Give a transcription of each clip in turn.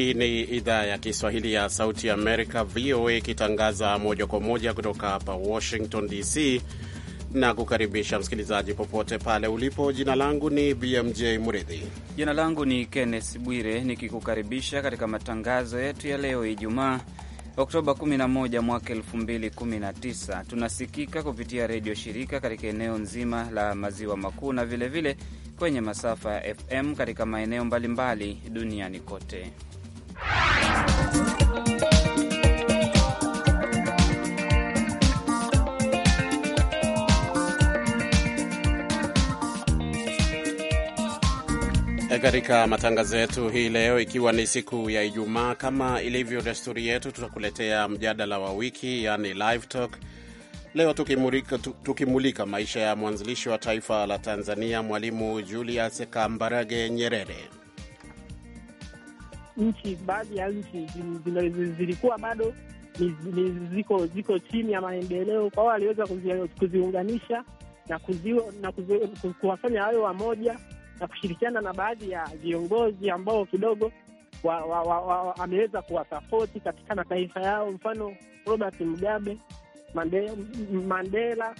Hii ni idhaa ya Kiswahili ya Sauti Amerika, VOA, ikitangaza moja kwa moja kutoka hapa Washington DC na kukaribisha msikilizaji popote pale ulipo. Jina langu ni BMJ Mridhi. Jina langu ni Kenneth Bwire, nikikukaribisha katika matangazo yetu ya leo Ijumaa Oktoba 11 mwaka 2019. Tunasikika kupitia redio shirika katika eneo nzima la maziwa makuu na vilevile vile kwenye masafa ya FM katika maeneo mbalimbali duniani kote. E, katika matangazo yetu hii leo, ikiwa ni siku ya Ijumaa, kama ilivyo desturi yetu, tutakuletea mjadala wa wiki, yani live talk. Leo tukimulika, tukimulika maisha ya mwanzilishi wa taifa la Tanzania, Mwalimu Julius Kambarage Nyerere nchi, baadhi ya nchi zilikuwa bado ziko ziko chini ya maendeleo, kwa hiyo aliweza kuziunganisha na kuziwa, na kuwafanya wawe wamoja na kushirikiana na baadhi ya viongozi ambao kidogo wa, wa, wa, wa, ameweza kuwasapoti katika mataifa yao, mfano Robert Mugabe, Mandela, Mandela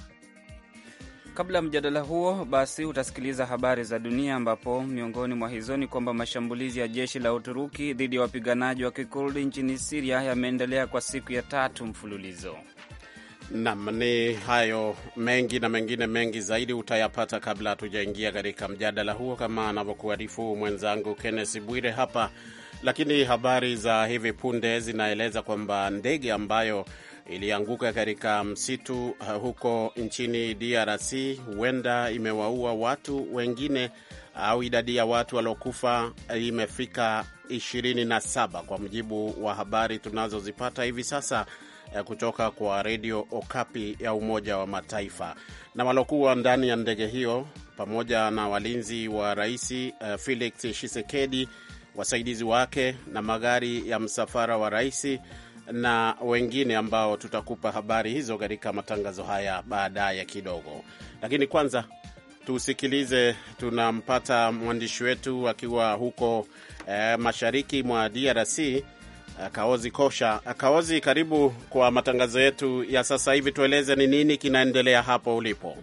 Kabla ya mjadala huo, basi utasikiliza habari za dunia, ambapo miongoni mwa hizo ni kwamba mashambulizi ya jeshi la Uturuki dhidi ya wapiganaji wa kikurdi nchini Siria yameendelea kwa siku ya tatu mfululizo. Nam, ni hayo mengi na mengine mengi zaidi utayapata kabla hatujaingia katika mjadala huo, kama anavyokuarifu mwenzangu Kennes Bwire hapa lakini habari za hivi punde zinaeleza kwamba ndege ambayo ilianguka katika msitu uh, huko nchini DRC huenda imewaua watu wengine au idadi ya watu waliokufa imefika 27 kwa mujibu wa habari tunazozipata hivi sasa uh, kutoka kwa redio Okapi ya Umoja wa Mataifa. Na walokuwa ndani ya ndege hiyo pamoja na walinzi wa rais uh, Felix Tshisekedi wasaidizi wake na magari ya msafara wa rais na wengine ambao tutakupa habari hizo katika matangazo haya baadaye kidogo. Lakini kwanza tusikilize, tunampata mwandishi wetu akiwa huko eh, mashariki mwa DRC eh, Kaozi Kosha. Kaozi, karibu kwa matangazo yetu ya sasa hivi. Tueleze ni nini kinaendelea hapo ulipo.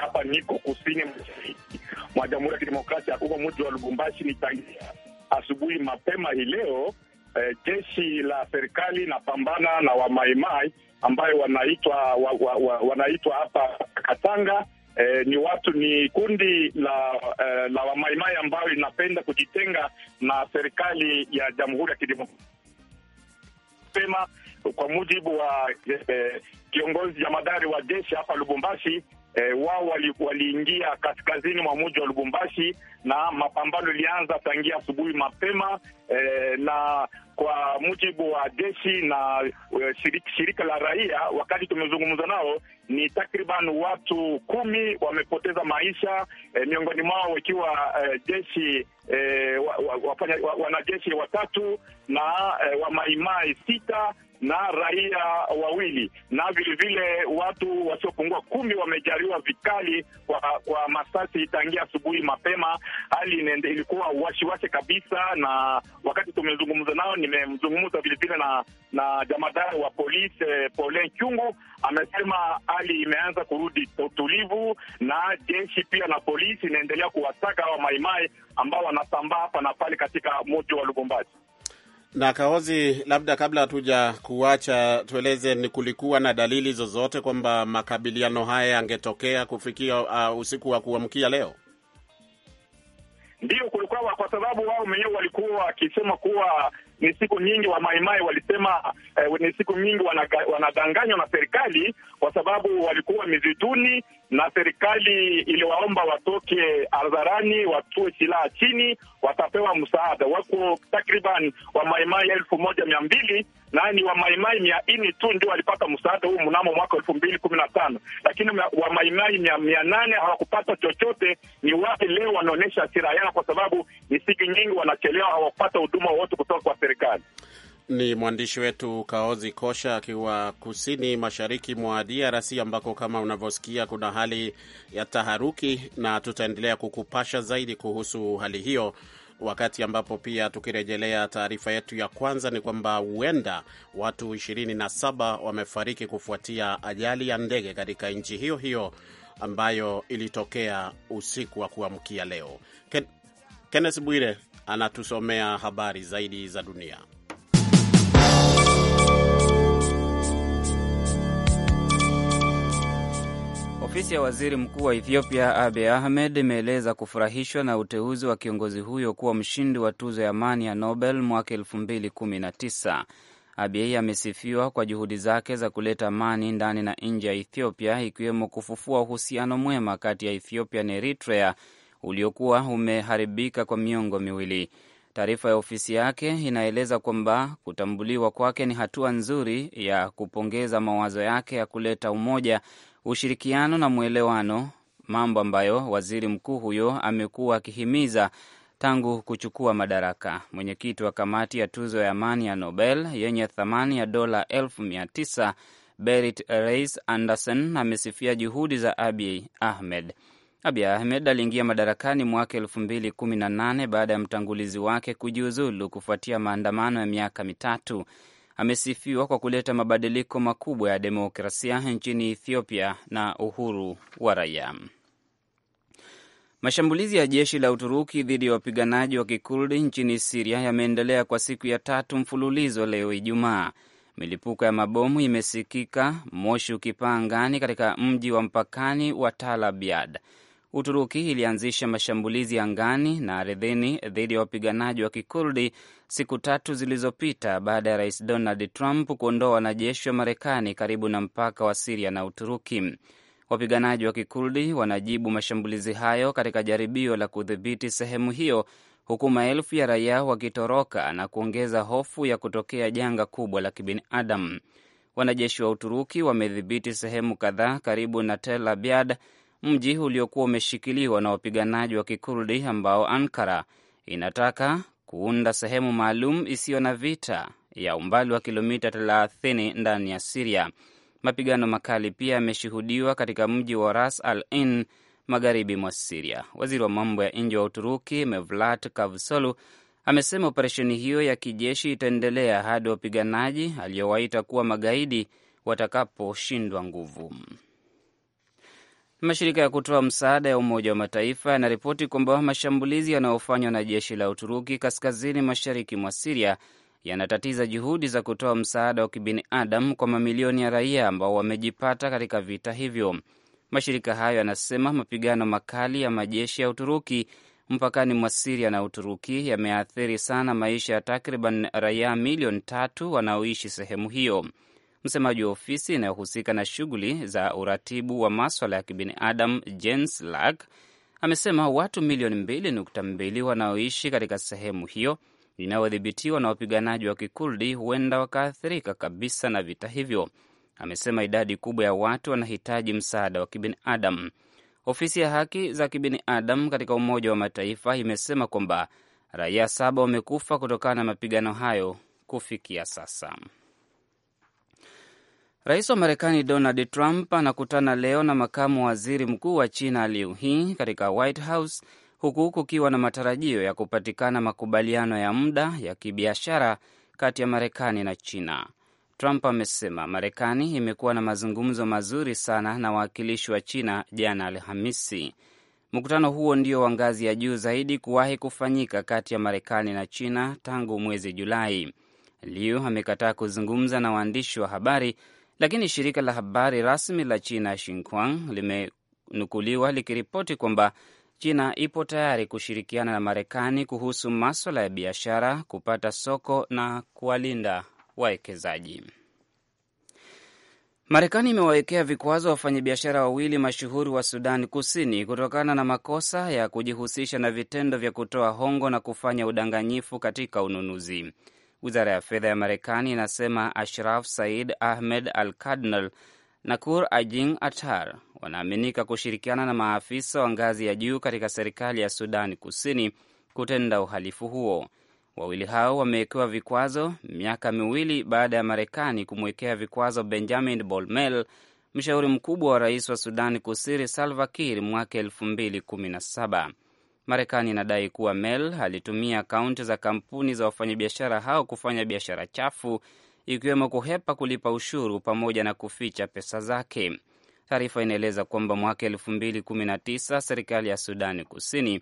hapa niko kusini mashariki mwa Jamhuri ya Kidemokrasia huko mji wa Lubumbashi nitangia asubuhi mapema hii leo. E, jeshi la serikali napambana na wamaimai ambayo wanaitwa wa, wa, wa, wanaitwa hapa Katanga. E, ni watu ni kundi la e, la wamaimai ambayo inapenda kujitenga na serikali ya Jamhuri ya Kidemokrasia kwa mujibu wa eh, kiongozi jamadari wa jeshi hapa Lubumbashi E, wao waliingia wali kaskazini mwa muji wa Lubumbashi na mapambano ilianza tangia asubuhi mapema eh, na kwa mujibu wa jeshi na uh, shirika la raia, wakati tumezungumza nao ni takriban watu kumi wamepoteza maisha eh, miongoni mwao ikiwa eh, jeshi eh, wanajeshi wa, wa, wa, wa watatu na eh, wamaimai sita na raia wawili na vilevile watu wasiopungua kumi wamejariwa vikali kwa, kwa masasi tangia asubuhi mapema. Hali ilikuwa wasiwasi kabisa, na wakati tumezungumza nao, nimemzungumza vilevile na na jamadari wa polisi eh, Paulin Kyungu, amesema hali imeanza kurudi utulivu, na jeshi pia na polisi inaendelea kuwasaka hawa maimai ambao wanasambaa hapa na pale katika mji wa Lubumbashi na Kaozi, labda kabla hatuja kuacha, tueleze ni kulikuwa na dalili zozote kwamba makabiliano haya yangetokea kufikia uh, usiku wa kuamkia leo? Ndio, kwa sababu wao wenyewe walikuwa wakisema kuwa ni siku nyingi wa maimai walisema eh, ni siku nyingi wanadanganywa na serikali, kwa sababu walikuwa mizituni na serikali iliwaomba watoke hadharani, watue silaha chini, watapewa msaada. Wako takriban wamaimai elfu moja mia mbili na ni wamaimai mia nne tu ndio walipata msaada huu mnamo mwaka elfu mbili kumi na tano lakini wamaimai mia, mia nane hawakupata chochote. Ni wale leo wanaonyesha hasira yao kwa sababu ni siku nyingi wanachelewa, hawakupata huduma wowote kutoka kwa serikali. Ni mwandishi wetu Kaozi Kosha akiwa kusini mashariki mwa DRC ambako kama unavyosikia kuna hali ya taharuki, na tutaendelea kukupasha zaidi kuhusu hali hiyo wakati ambapo pia tukirejelea taarifa yetu ya kwanza ni kwamba huenda watu 27 wamefariki kufuatia ajali ya ndege katika nchi hiyo hiyo ambayo ilitokea usiku wa kuamkia leo. Ken Kenneth Bwire anatusomea habari zaidi za dunia. Ofisi ya waziri mkuu wa Ethiopia Abe Ahmed imeeleza kufurahishwa na uteuzi wa kiongozi huyo kuwa mshindi wa tuzo ya amani ya Nobel mwaka 219 Abiy amesifiwa kwa juhudi zake za kuleta amani ndani na nje ya Ethiopia, ikiwemo kufufua uhusiano mwema kati ya Ethiopia na Eritrea uliokuwa umeharibika kwa miongo miwili. Taarifa ya ofisi yake inaeleza kwamba kutambuliwa kwake ni hatua nzuri ya kupongeza mawazo yake ya kuleta umoja ushirikiano na mwelewano, mambo ambayo waziri mkuu huyo amekuwa akihimiza tangu kuchukua madaraka. Mwenyekiti wa kamati ya tuzo ya amani ya Nobel yenye thamani ya dola elfu mia tisa Berit Reis Anderson amesifia juhudi za Abiy Ahmed. Abiy Ahmed aliingia madarakani mwaka elfu mbili kumi na nane baada ya mtangulizi wake kujiuzulu kufuatia maandamano ya miaka mitatu amesifiwa kwa kuleta mabadiliko makubwa ya demokrasia nchini Ethiopia na uhuru wa raia. Mashambulizi ya jeshi la Uturuki dhidi ya wapiganaji wa kikurdi nchini Siria yameendelea kwa siku ya tatu mfululizo leo Ijumaa. Milipuko ya mabomu imesikika, moshi ukipaa angani katika mji wa mpakani wa talabiad Uturuki ilianzisha mashambulizi angani na ardhini dhidi ya wapiganaji wa Kikurdi siku tatu zilizopita baada ya rais Donald Trump kuondoa wanajeshi wa Marekani karibu na mpaka wa Siria na Uturuki. Wapiganaji wa Kikurdi wanajibu mashambulizi hayo katika jaribio la kudhibiti sehemu hiyo, huku maelfu ya raia wakitoroka na kuongeza hofu ya kutokea janga kubwa la kibinadamu. Wanajeshi wa Uturuki wamedhibiti sehemu kadhaa karibu na Tel Abyad mji uliokuwa umeshikiliwa na wapiganaji wa Kikurdi ambao Ankara inataka kuunda sehemu maalum isiyo na vita ya umbali wa kilomita 30 ndani ya Siria. Mapigano makali pia yameshuhudiwa katika mji wa Ras Al Ain magharibi mwa Siria. Waziri wa mambo ya nje wa Uturuki mevlat kavsolu amesema operesheni hiyo ya kijeshi itaendelea hadi wapiganaji aliyowaita kuwa magaidi watakaposhindwa nguvu. Mashirika ya kutoa msaada ya Umoja wa Mataifa yanaripoti kwamba mashambulizi yanayofanywa na jeshi la Uturuki kaskazini mashariki mwa Siria yanatatiza juhudi za kutoa msaada wa kibinadamu kwa mamilioni ya raia ambao wamejipata katika vita hivyo. Mashirika hayo yanasema mapigano makali ya majeshi ya Uturuki mpakani mwa Siria na Uturuki yameathiri sana maisha ya takriban raia milioni tatu wanaoishi sehemu hiyo. Msemaji wa ofisi inayohusika na shughuli za uratibu wa maswala ya kibinadamu Jens Lack amesema watu milioni 2.2 wanaoishi katika sehemu hiyo inayodhibitiwa na wapiganaji wa Kikurdi huenda wakaathirika kabisa na vita hivyo. Amesema idadi kubwa ya watu wanahitaji msaada wa kibinadamu. Ofisi ya haki za kibinadamu katika Umoja wa Mataifa imesema kwamba raia saba wamekufa kutokana na mapigano hayo kufikia sasa. Rais wa Marekani Donald Trump anakutana leo na makamu waziri mkuu wa China Liu He katika White House, huku kukiwa na matarajio ya kupatikana makubaliano ya muda ya kibiashara kati ya Marekani na China. Trump amesema Marekani imekuwa na mazungumzo mazuri sana na wawakilishi wa China jana Alhamisi. Mkutano huo ndio wa ngazi ya juu zaidi kuwahi kufanyika kati ya Marekani na China tangu mwezi Julai. Liu amekataa kuzungumza na waandishi wa habari lakini shirika la habari rasmi la China Xinhua limenukuliwa likiripoti kwamba China ipo tayari kushirikiana na Marekani kuhusu maswala ya biashara, kupata soko na kuwalinda wawekezaji. Marekani imewawekea vikwazo wafanyabiashara wawili mashuhuri wa Sudan Kusini kutokana na makosa ya kujihusisha na vitendo vya kutoa hongo na kufanya udanganyifu katika ununuzi. Wizara ya fedha ya Marekani inasema Ashraf Said Ahmed Al Cardinal na Kur Ajing Atar wanaaminika kushirikiana na maafisa wa ngazi ya juu katika serikali ya Sudani Kusini kutenda uhalifu huo. Wawili hao wamewekewa vikwazo miaka miwili baada ya Marekani kumwekea vikwazo Benjamin Bolmel, mshauri mkubwa wa rais wa Sudani Kusini Salva Kiir mwaka elfu mbili kumi na saba. Marekani inadai kuwa Mel alitumia akaunti za kampuni za wafanyabiashara hao kufanya biashara chafu, ikiwemo kuhepa kulipa ushuru pamoja na kuficha pesa zake. Taarifa inaeleza kwamba mwaka elfu mbili kumi na tisa serikali ya Sudani Kusini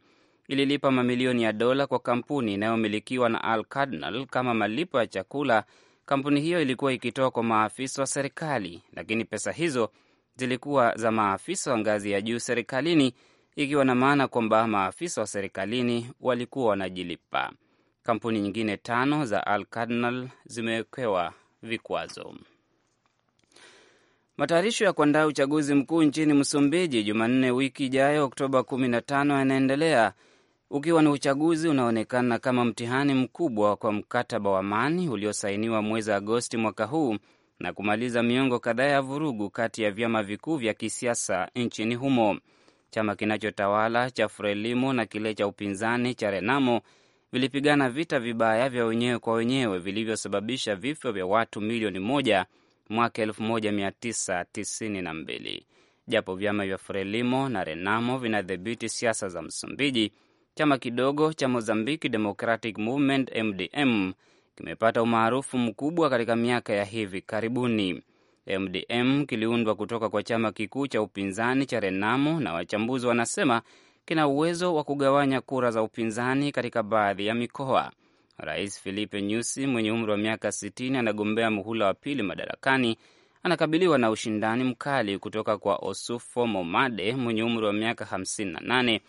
ililipa mamilioni ya dola kwa kampuni inayomilikiwa na Al Cardinal kama malipo ya chakula kampuni hiyo ilikuwa ikitoa kwa maafisa wa serikali, lakini pesa hizo zilikuwa za maafisa wa ngazi ya juu serikalini ikiwa na maana kwamba maafisa wa serikalini walikuwa wanajilipa. Kampuni nyingine tano za Al Cardinal zimewekewa vikwazo. Matayarisho ya kuandaa uchaguzi mkuu nchini Msumbiji Jumanne wiki ijayo Oktoba 15 yanaendelea ukiwa ni uchaguzi unaonekana kama mtihani mkubwa kwa mkataba wa amani uliosainiwa mwezi Agosti mwaka huu na kumaliza miongo kadhaa ya vurugu kati ya vyama vikuu vya kisiasa nchini humo. Chama kinachotawala cha Frelimo na kile cha upinzani cha Renamo vilipigana vita vibaya vya wenyewe kwa wenyewe vilivyosababisha vifo vya watu milioni moja mwaka 1992. Japo vyama vya Frelimo na Renamo vinadhibiti siasa za Msumbiji, chama kidogo cha Mozambique Democratic Movement MDM kimepata umaarufu mkubwa katika miaka ya hivi karibuni. MDM kiliundwa kutoka kwa chama kikuu cha upinzani cha Renamo na wachambuzi wanasema kina uwezo wa kugawanya kura za upinzani katika baadhi ya mikoa. Rais Filipe Nyusi mwenye umri wa miaka 60 anagombea muhula wa pili madarakani. Anakabiliwa na ushindani mkali kutoka kwa Osufo Momade mwenye umri wa miaka 58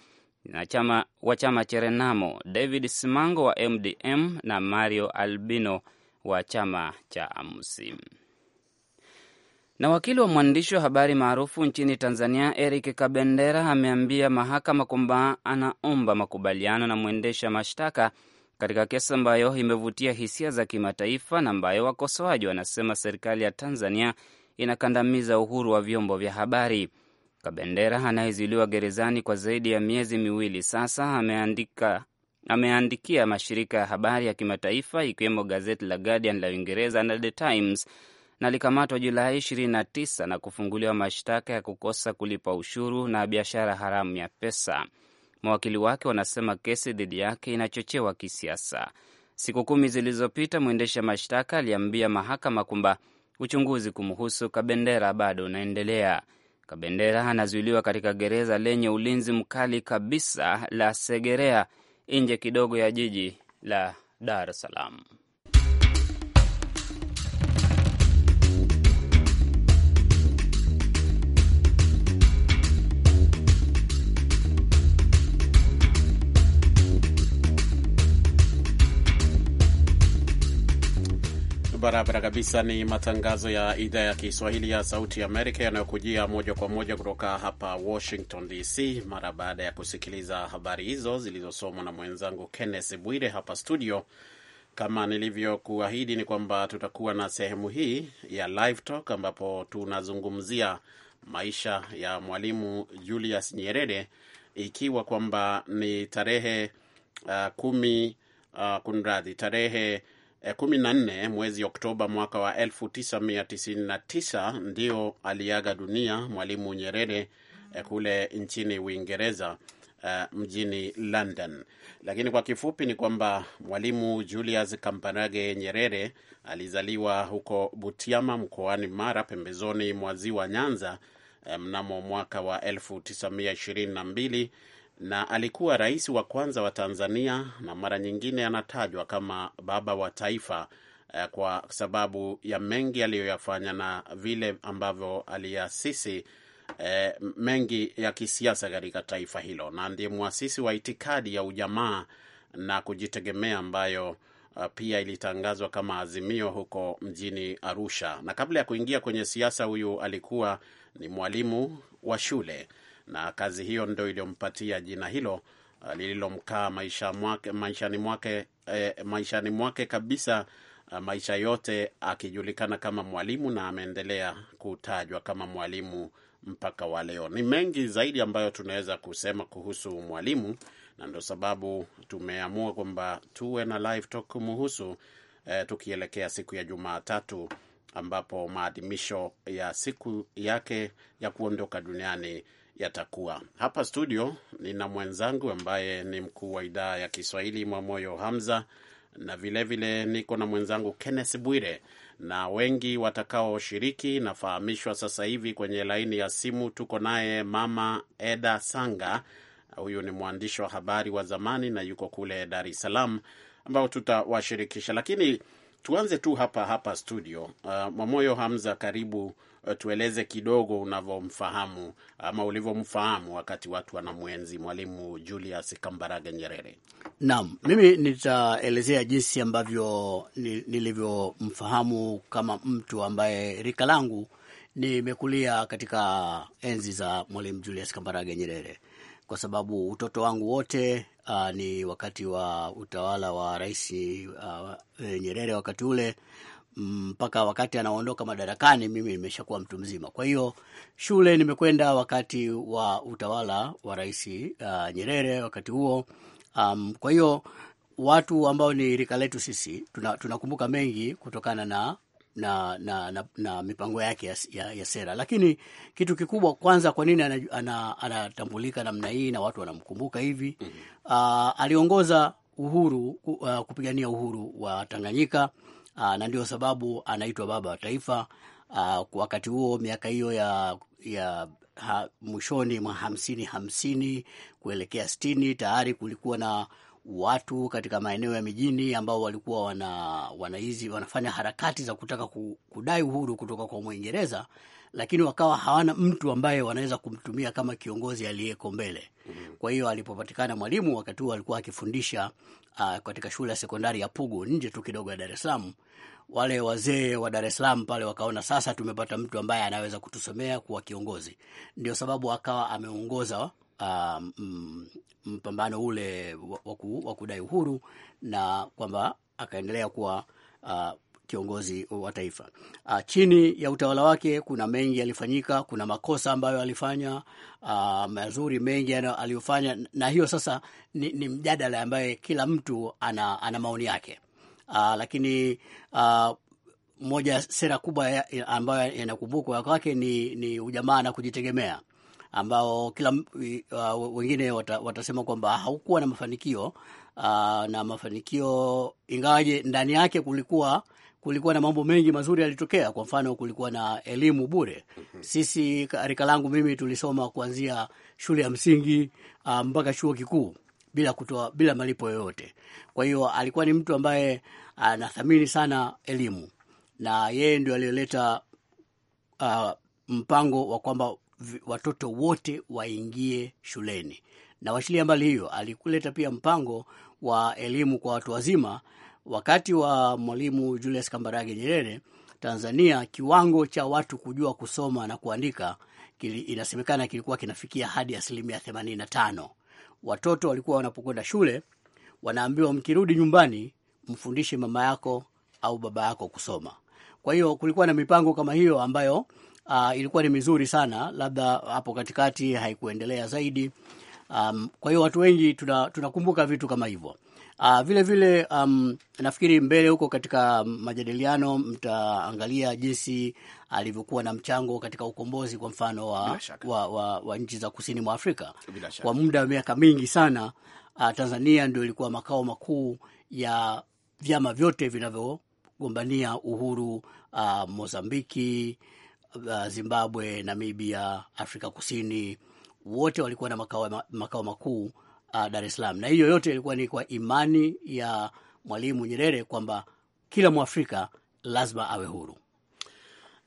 na chama wa chama cha Renamo, David Simango wa MDM na Mario Albino wa chama cha Amusi. Na wakili wa mwandishi wa habari maarufu nchini Tanzania Eric Kabendera ameambia mahakama kwamba anaomba makubaliano na mwendesha mashtaka katika kesi ambayo imevutia hisia za kimataifa na ambayo wakosoaji wanasema serikali ya Tanzania inakandamiza uhuru wa vyombo vya habari. Kabendera anayezuiliwa gerezani kwa zaidi ya miezi miwili sasa ameandika ameandikia mashirika ya habari ya kimataifa ikiwemo gazeti la Guardian la Uingereza na The Times na alikamatwa Julai 29 na kufunguliwa mashtaka ya kukosa kulipa ushuru na biashara haramu ya pesa. Mawakili wake wanasema kesi dhidi yake inachochewa kisiasa. Siku kumi zilizopita, mwendesha mashtaka aliambia mahakama kwamba uchunguzi kumhusu Kabendera bado unaendelea. Kabendera anazuiliwa katika gereza lenye ulinzi mkali kabisa la Segerea, nje kidogo ya jiji la Dar es Salaam. Barabara kabisa. Ni matangazo ya idhaa ya Kiswahili ya Sauti Amerika yanayokujia moja kwa moja kutoka hapa Washington DC, mara baada ya kusikiliza habari hizo zilizosomwa na mwenzangu Kenneth Bwire hapa studio. Kama nilivyokuahidi, ni kwamba tutakuwa na sehemu hii ya Live Talk ambapo tunazungumzia maisha ya Mwalimu Julius Nyerere, ikiwa kwamba ni tarehe uh, kumi uh, kunradhi tarehe 14 eh, mwezi Oktoba mwaka wa 1999 ndio aliaga dunia Mwalimu Nyerere eh, kule nchini Uingereza, uh, mjini London. Lakini kwa kifupi ni kwamba Mwalimu Julius Kambarage Nyerere alizaliwa huko Butiama mkoani Mara, pembezoni mwa ziwa Nyanza mnamo mwaka wa 1922 na alikuwa rais wa kwanza wa Tanzania na mara nyingine anatajwa kama baba wa taifa eh, kwa sababu ya mengi aliyoyafanya na vile ambavyo aliasisi eh, mengi ya kisiasa katika taifa hilo, na ndiye mwasisi wa itikadi ya ujamaa na kujitegemea ambayo eh, pia ilitangazwa kama Azimio huko mjini Arusha. Na kabla ya kuingia kwenye siasa, huyu alikuwa ni mwalimu wa shule na kazi hiyo ndo iliyompatia jina hilo uh, lililomkaa maishani mwake, maishani mwake, eh, maishani mwake kabisa uh, maisha yote akijulikana kama mwalimu na ameendelea kutajwa kama mwalimu mpaka wa leo. Ni mengi zaidi ambayo tunaweza kusema kuhusu mwalimu, na ndo sababu tumeamua kwamba tuwe na live talk eh, tukielekea siku ya Jumatatu ambapo maadhimisho ya siku yake ya kuondoka duniani yatakuwa. Hapa studio nina mwenzangu ambaye ni mkuu wa idaa ya Kiswahili Mwamoyo Hamza, na vilevile vile niko na mwenzangu Kenneth Bwire, na wengi watakaoshiriki nafahamishwa sasa hivi kwenye laini ya simu. Tuko naye Mama Eda Sanga, huyu ni mwandishi wa habari wa zamani na yuko kule Dar es Salaam, ambao tutawashirikisha, lakini tuanze tu hapa hapa studio. Uh, Mwamoyo Hamza, karibu Eh, tueleze kidogo unavyomfahamu ama ulivyomfahamu wakati watu wanamwenzi Mwalimu Julius Kambarage Nyerere. Naam, mimi nitaelezea jinsi ambavyo nilivyomfahamu kama mtu ambaye rika langu, nimekulia katika enzi za Mwalimu Julius Kambarage Nyerere kwa sababu utoto wangu wote uh, ni wakati wa utawala wa Rais uh, Nyerere wakati ule mpaka wakati anaondoka madarakani, mimi nimeshakuwa mtu mzima. Kwa hiyo shule nimekwenda wakati wa utawala wa Rais uh, Nyerere wakati huo um, kwa hiyo watu ambao ni rika letu sisi tunakumbuka tuna mengi kutokana na na, na, na, na mipango yake ya, ya, ya sera. Lakini kitu kikubwa kwanza, kwa nini anatambulika ana, ana namna hii na watu wanamkumbuka hivi? mm -hmm. Uh, aliongoza uhuru uh, kupigania uhuru wa Tanganyika Ah, na ndio sababu anaitwa baba wa taifa. Ah, wakati huo miaka hiyo ya, ya ha, mwishoni mwa hamsini hamsini kuelekea sitini tayari kulikuwa na watu katika maeneo ya mijini ambao walikuwa wana, wanaizi, wanafanya harakati za kutaka kudai uhuru kutoka kwa Mwingereza lakini wakawa hawana mtu ambaye wanaweza kumtumia kama kiongozi aliyeko mbele. Kwa hiyo alipopatikana mwalimu, wakati huo alikuwa akifundisha uh, katika shule ya sekondari ya Pugu nje tu kidogo ya Dar es Salaam. Wale wazee wa Dar es Salaam pale wakaona sasa tumepata mtu ambaye anaweza kutusomea kuwa kiongozi, ndio sababu akawa ameongoza Uh, mpambano ule wa kudai uhuru na kwamba akaendelea kuwa uh, kiongozi wa taifa. Uh, chini ya utawala wake kuna mengi yalifanyika, kuna makosa ambayo alifanya, uh, mazuri mengi aliyofanya, na hiyo sasa ni, ni mjadala ambaye kila mtu ana, ana maoni yake uh, lakini uh, moja sera kubwa ambayo yanakumbukwa kwake ni, ni ujamaa na kujitegemea ambao kila uh, wengine wata, watasema kwamba haukuwa na mafanikio uh, na mafanikio ingawaje ndani yake kulikuwa kulikuwa na mambo mengi mazuri yalitokea. Kwa mfano, kulikuwa na elimu bure. Mhm. Sisi rika langu mimi tulisoma kuanzia shule ya msingi uh, mpaka chuo kikuu bila kutoa, bila malipo yoyote. Kwa hiyo alikuwa ni mtu ambaye anathamini uh, sana elimu, na yeye ndio aliyoleta uh, mpango wa kwamba watoto wote waingie shuleni, na washilia mbali hiyo, alikuleta pia mpango wa elimu kwa watu wazima wakati wa Mwalimu Julius Kambarage Nyerere, Tanzania kiwango cha watu kujua kusoma na kuandika kili, inasemekana kilikuwa kinafikia hadi asilimia themanini na tano. Watoto walikuwa wanapokwenda shule wanaambiwa, mkirudi nyumbani mfundishe mama yako au baba yako kusoma. Kwa hiyo kulikuwa na mipango kama hiyo ambayo uh, ilikuwa ni mizuri sana, labda hapo katikati haikuendelea zaidi. Um, kwa hiyo watu wengi tunakumbuka tuna vitu kama hivyo. Uh, vile vile um, nafikiri mbele huko katika majadiliano mtaangalia jinsi alivyokuwa na mchango katika ukombozi kwa mfano wa, wa, wa, wa nchi za kusini mwa Afrika kwa muda wa miaka mingi sana. Uh, Tanzania ndio ilikuwa makao makuu ya vyama vyote vinavyogombania uhuru uh, Mozambiki, uh, Zimbabwe, Namibia, Afrika Kusini, wote walikuwa na makao, makao makuu uh, Dar es Salaam, na hiyo yote ilikuwa ni kwa imani ya Mwalimu Nyerere kwamba kila Mwafrika lazima awe huru.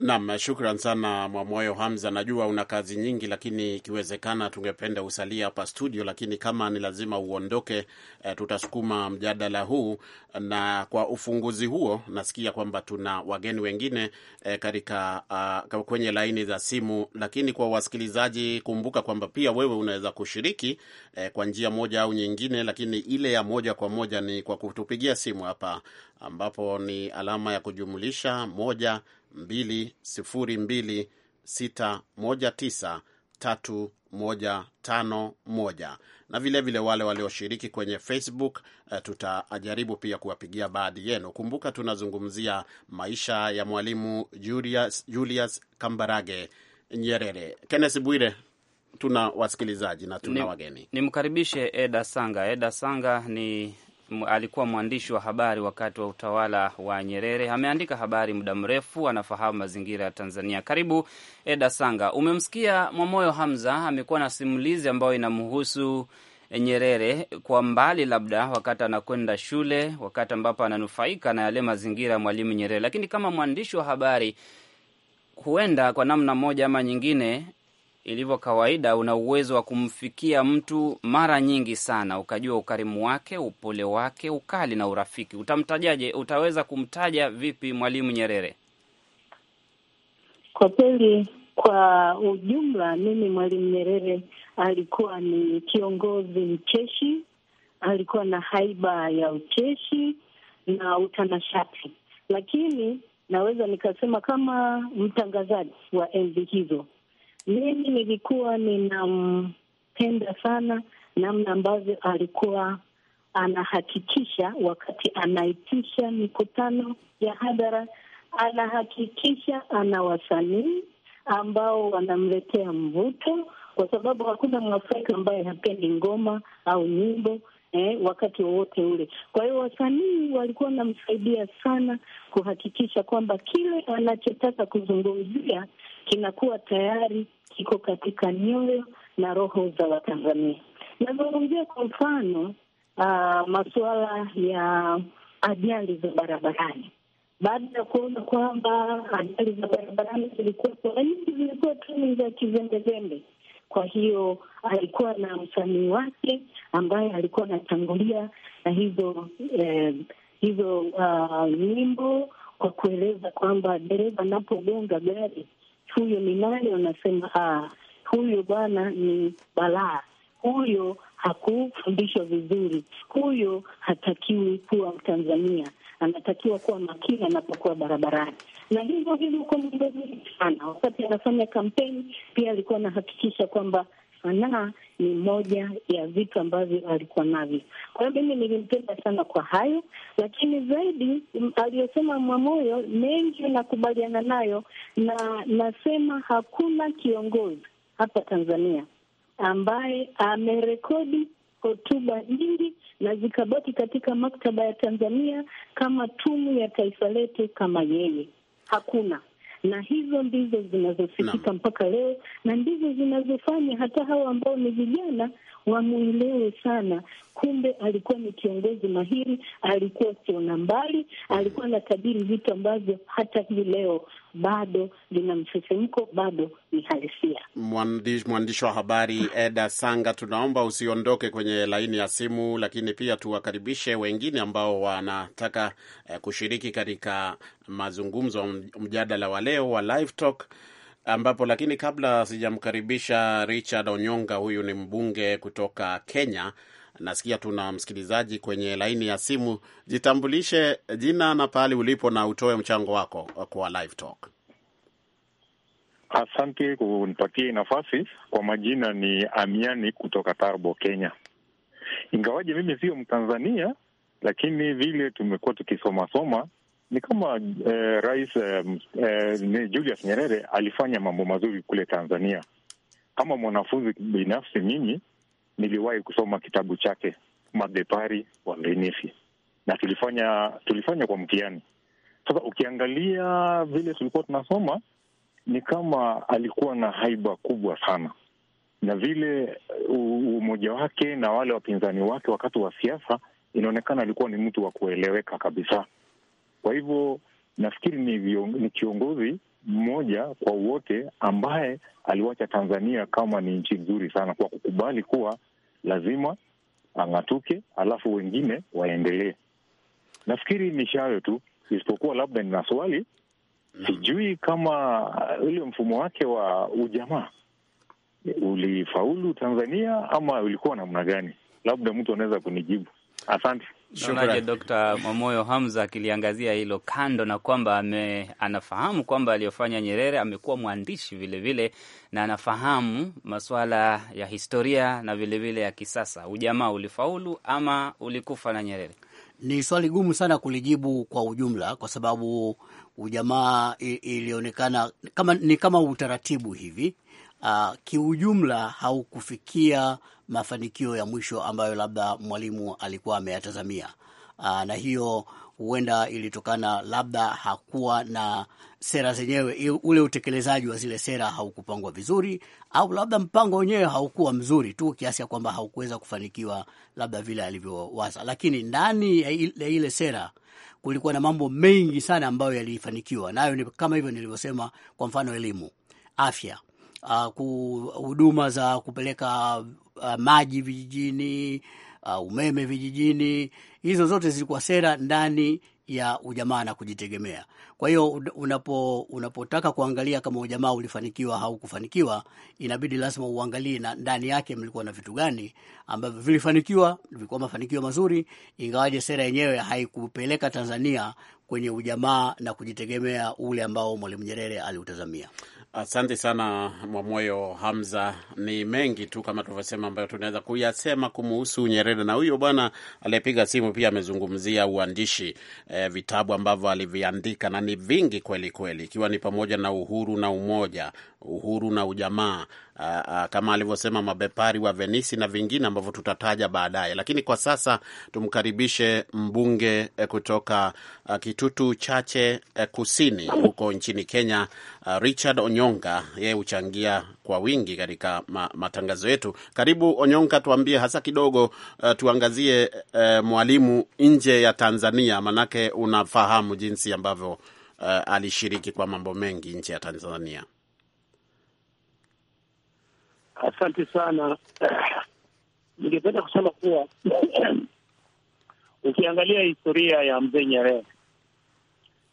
Nam, shukran sana Mwamoyo Hamza, najua una kazi nyingi, lakini ikiwezekana tungependa usalia hapa studio, lakini kama ni lazima uondoke, e, tutasukuma mjadala huu. Na kwa ufunguzi huo, nasikia kwamba tuna wageni wengine e, katika uh, kwenye laini za simu, lakini kwa wasikilizaji, kumbuka kwamba pia wewe unaweza kushiriki e, kwa njia moja au nyingine, lakini ile ya moja kwa moja ni kwa kutupigia simu hapa, ambapo ni alama ya kujumlisha moja na vilevile vile wale walioshiriki kwenye Facebook eh, tutajaribu pia kuwapigia baadhi yenu. Kumbuka tunazungumzia maisha ya Mwalimu Julius, Julius Kambarage Nyerere. kennes Bwire, tuna wasikilizaji na tuna ni, wageni. Nimkaribishe Eda Sanga. Eda Sanga ni alikuwa mwandishi wa habari wakati wa utawala wa Nyerere. Ameandika habari muda mrefu, anafahamu mazingira ya Tanzania. Karibu Eda Sanga. Umemsikia Mwamoyo Hamza, amekuwa na simulizi ambayo inamhusu Nyerere kwa mbali, labda wakati anakwenda shule, wakati ambapo ananufaika na yale mazingira ya Mwalimu Nyerere. Lakini kama mwandishi wa habari, huenda kwa namna moja ama nyingine ilivyo kawaida, una uwezo wa kumfikia mtu mara nyingi sana, ukajua ukarimu wake, upole wake, ukali na urafiki. Utamtajaje? Utaweza kumtaja vipi Mwalimu Nyerere? Kwa kweli, kwa ujumla, mimi Mwalimu Nyerere alikuwa ni kiongozi mcheshi, alikuwa na haiba ya ucheshi na utanashati, lakini naweza nikasema kama mtangazaji wa enzi hizo mimi nilikuwa ninampenda sana namna ambavyo alikuwa anahakikisha wakati anaitisha mikutano ya hadhara, anahakikisha ana wasanii ambao wanamletea mvuto, kwa sababu hakuna Mwafrika ambaye hapendi ngoma au nyimbo eh, wakati wowote ule. Kwa hiyo wasanii walikuwa wanamsaidia sana kuhakikisha kwamba kile anachotaka kuzungumzia kinakuwa tayari kiko katika nyoyo na roho za Watanzania. Nazungumzia kwa mfano uh, masuala ya ajali za barabarani. Baada ya kuona kwamba ajali za barabarani zilikuwepo, nyingi zilikuwa tu ni za kizembezembe. Kwa hiyo alikuwa na msanii wake ambaye alikuwa anatangulia na hizo eh, hizo uh, nyimbo kwa kueleza kwamba dereva anapogonga gari huyo ni nani? Unasema ah, huyo bwana ni balaa, huyo hakufundishwa vizuri, huyo hatakiwi kuwa Mtanzania, anatakiwa kuwa makini anapokuwa barabarani. Na hivyo hivyo uko muda sana, wakati anafanya kampeni pia alikuwa anahakikisha kwamba sanaa ni moja ya vitu ambavyo alikuwa navyo. Kwa hiyo mimi nilimpenda sana kwa hayo, lakini zaidi mm, aliyosema Mwamoyo mengi nakubaliana nayo, na nasema hakuna kiongozi hapa Tanzania ambaye amerekodi hotuba nyingi na zikabaki katika maktaba ya Tanzania kama tumu ya taifa letu kama yeye, hakuna na hizo ndizo zinazofikika mpaka leo na ndizo zinazofanya hata hawa ambao ni vijana wamwelewe sana. Kumbe alikuwa ni kiongozi mahiri, alikuwa siona mbali, alikuwa na kadiri vitu ambavyo hata hii leo bado vina msisimko, bado ni halisia. Mwandishi wa habari Eda Sanga, tunaomba usiondoke kwenye laini ya simu, lakini pia tuwakaribishe wengine ambao wanataka eh, kushiriki katika mazungumzo, mjadala wa leo wa Live Talk ambapo lakini kabla sijamkaribisha Richard Onyonga, huyu ni mbunge kutoka Kenya. Nasikia tuna msikilizaji kwenye laini ya simu. Jitambulishe jina na pahali ulipo na utoe mchango wako kwa live talk. Asante kunipatia nafasi. Kwa majina ni Amiani kutoka Tarbo, Kenya. Ingawaje mimi sio Mtanzania, lakini vile tumekuwa tukisomasoma ni kama eh, rais eh, eh, Julius Nyerere alifanya mambo mazuri kule Tanzania. Kama mwanafunzi binafsi, mimi niliwahi kusoma kitabu chake Mabepari Waaminifu, na tulifanya tulifanya kwa mtihani. Sasa ukiangalia vile tulikuwa tunasoma, ni kama alikuwa na haiba kubwa sana, na vile umoja wake na wale wapinzani wake wakati wa siasa, inaonekana alikuwa ni mtu wa kueleweka kabisa. Kwa hivyo nafikiri ni, ni kiongozi mmoja kwa wote ambaye aliwacha Tanzania kama ni nchi nzuri sana kwa kukubali kuwa lazima ang'atuke, alafu wengine waendelee. Nafikiri ni shayo tu, isipokuwa labda nina swali mm. sijui kama ule mfumo wake wa ujamaa ulifaulu Tanzania ama ulikuwa namna gani? Labda mtu anaweza kunijibu. Asante. Naonaje Dr. Mwamoyo Hamza akiliangazia hilo, kando na kwamba ame, anafahamu kwamba aliyofanya Nyerere amekuwa mwandishi vilevile vile, na anafahamu masuala ya historia na vilevile vile ya kisasa. Ujamaa ulifaulu ama ulikufa na Nyerere? Ni swali gumu sana kulijibu kwa ujumla, kwa sababu ujamaa ilionekana kama, ni kama utaratibu hivi. Uh, kiujumla haukufikia mafanikio ya mwisho ambayo labda mwalimu alikuwa ameyatazamia, ah, na hiyo huenda ilitokana labda hakuwa na sera zenyewe, ule utekelezaji wa zile sera haukupangwa vizuri, au labda mpango wenyewe haukuwa mzuri tu kiasi ya kwamba haukuweza kufanikiwa labda vile alivyowaza. Lakini ndani ya ile sera kulikuwa na mambo mengi sana ambayo yalifanikiwa, nayo ni kama hivyo nilivyosema, kwa mfano elimu, afya, uh, huduma za kupeleka uh, maji vijijini, uh, umeme vijijini. Hizo zote zilikuwa sera ndani ya ujamaa na kujitegemea. Kwa hiyo unapo, unapotaka kuangalia kama ujamaa ulifanikiwa au kufanikiwa, inabidi lazima uangalie na ndani yake mlikuwa na vitu gani ambavyo vilifanikiwa, vilikuwa mafanikio mazuri, ingawaje sera yenyewe haikupeleka Tanzania kwenye ujamaa na kujitegemea ule ambao Mwalimu Nyerere aliutazamia. Asante sana Mwamoyo Hamza. Ni mengi tu kama tulivyosema, ambayo tunaweza kuyasema kumuhusu Nyerere, na huyo bwana aliyepiga simu pia amezungumzia uandishi e, vitabu ambavyo aliviandika na ni vingi kweli kweli, ikiwa ni pamoja na Uhuru na Umoja, Uhuru na Ujamaa, uh, uh, kama alivyosema mabepari wa Venisi na vingine ambavyo tutataja baadaye, lakini kwa sasa tumkaribishe mbunge eh, kutoka uh, Kitutu Chache uh, Kusini huko nchini Kenya uh, Richard Onyonga. Yeye huchangia kwa wingi katika ma, matangazo yetu. Karibu Onyonga, tuambie hasa kidogo uh, tuangazie uh, mwalimu nje ya Tanzania, manake unafahamu jinsi ambavyo Uh, alishiriki kwa mambo mengi nchi ya Tanzania. Asante sana. Ningependa kusema kuwa ukiangalia historia ya mzee Nyerere,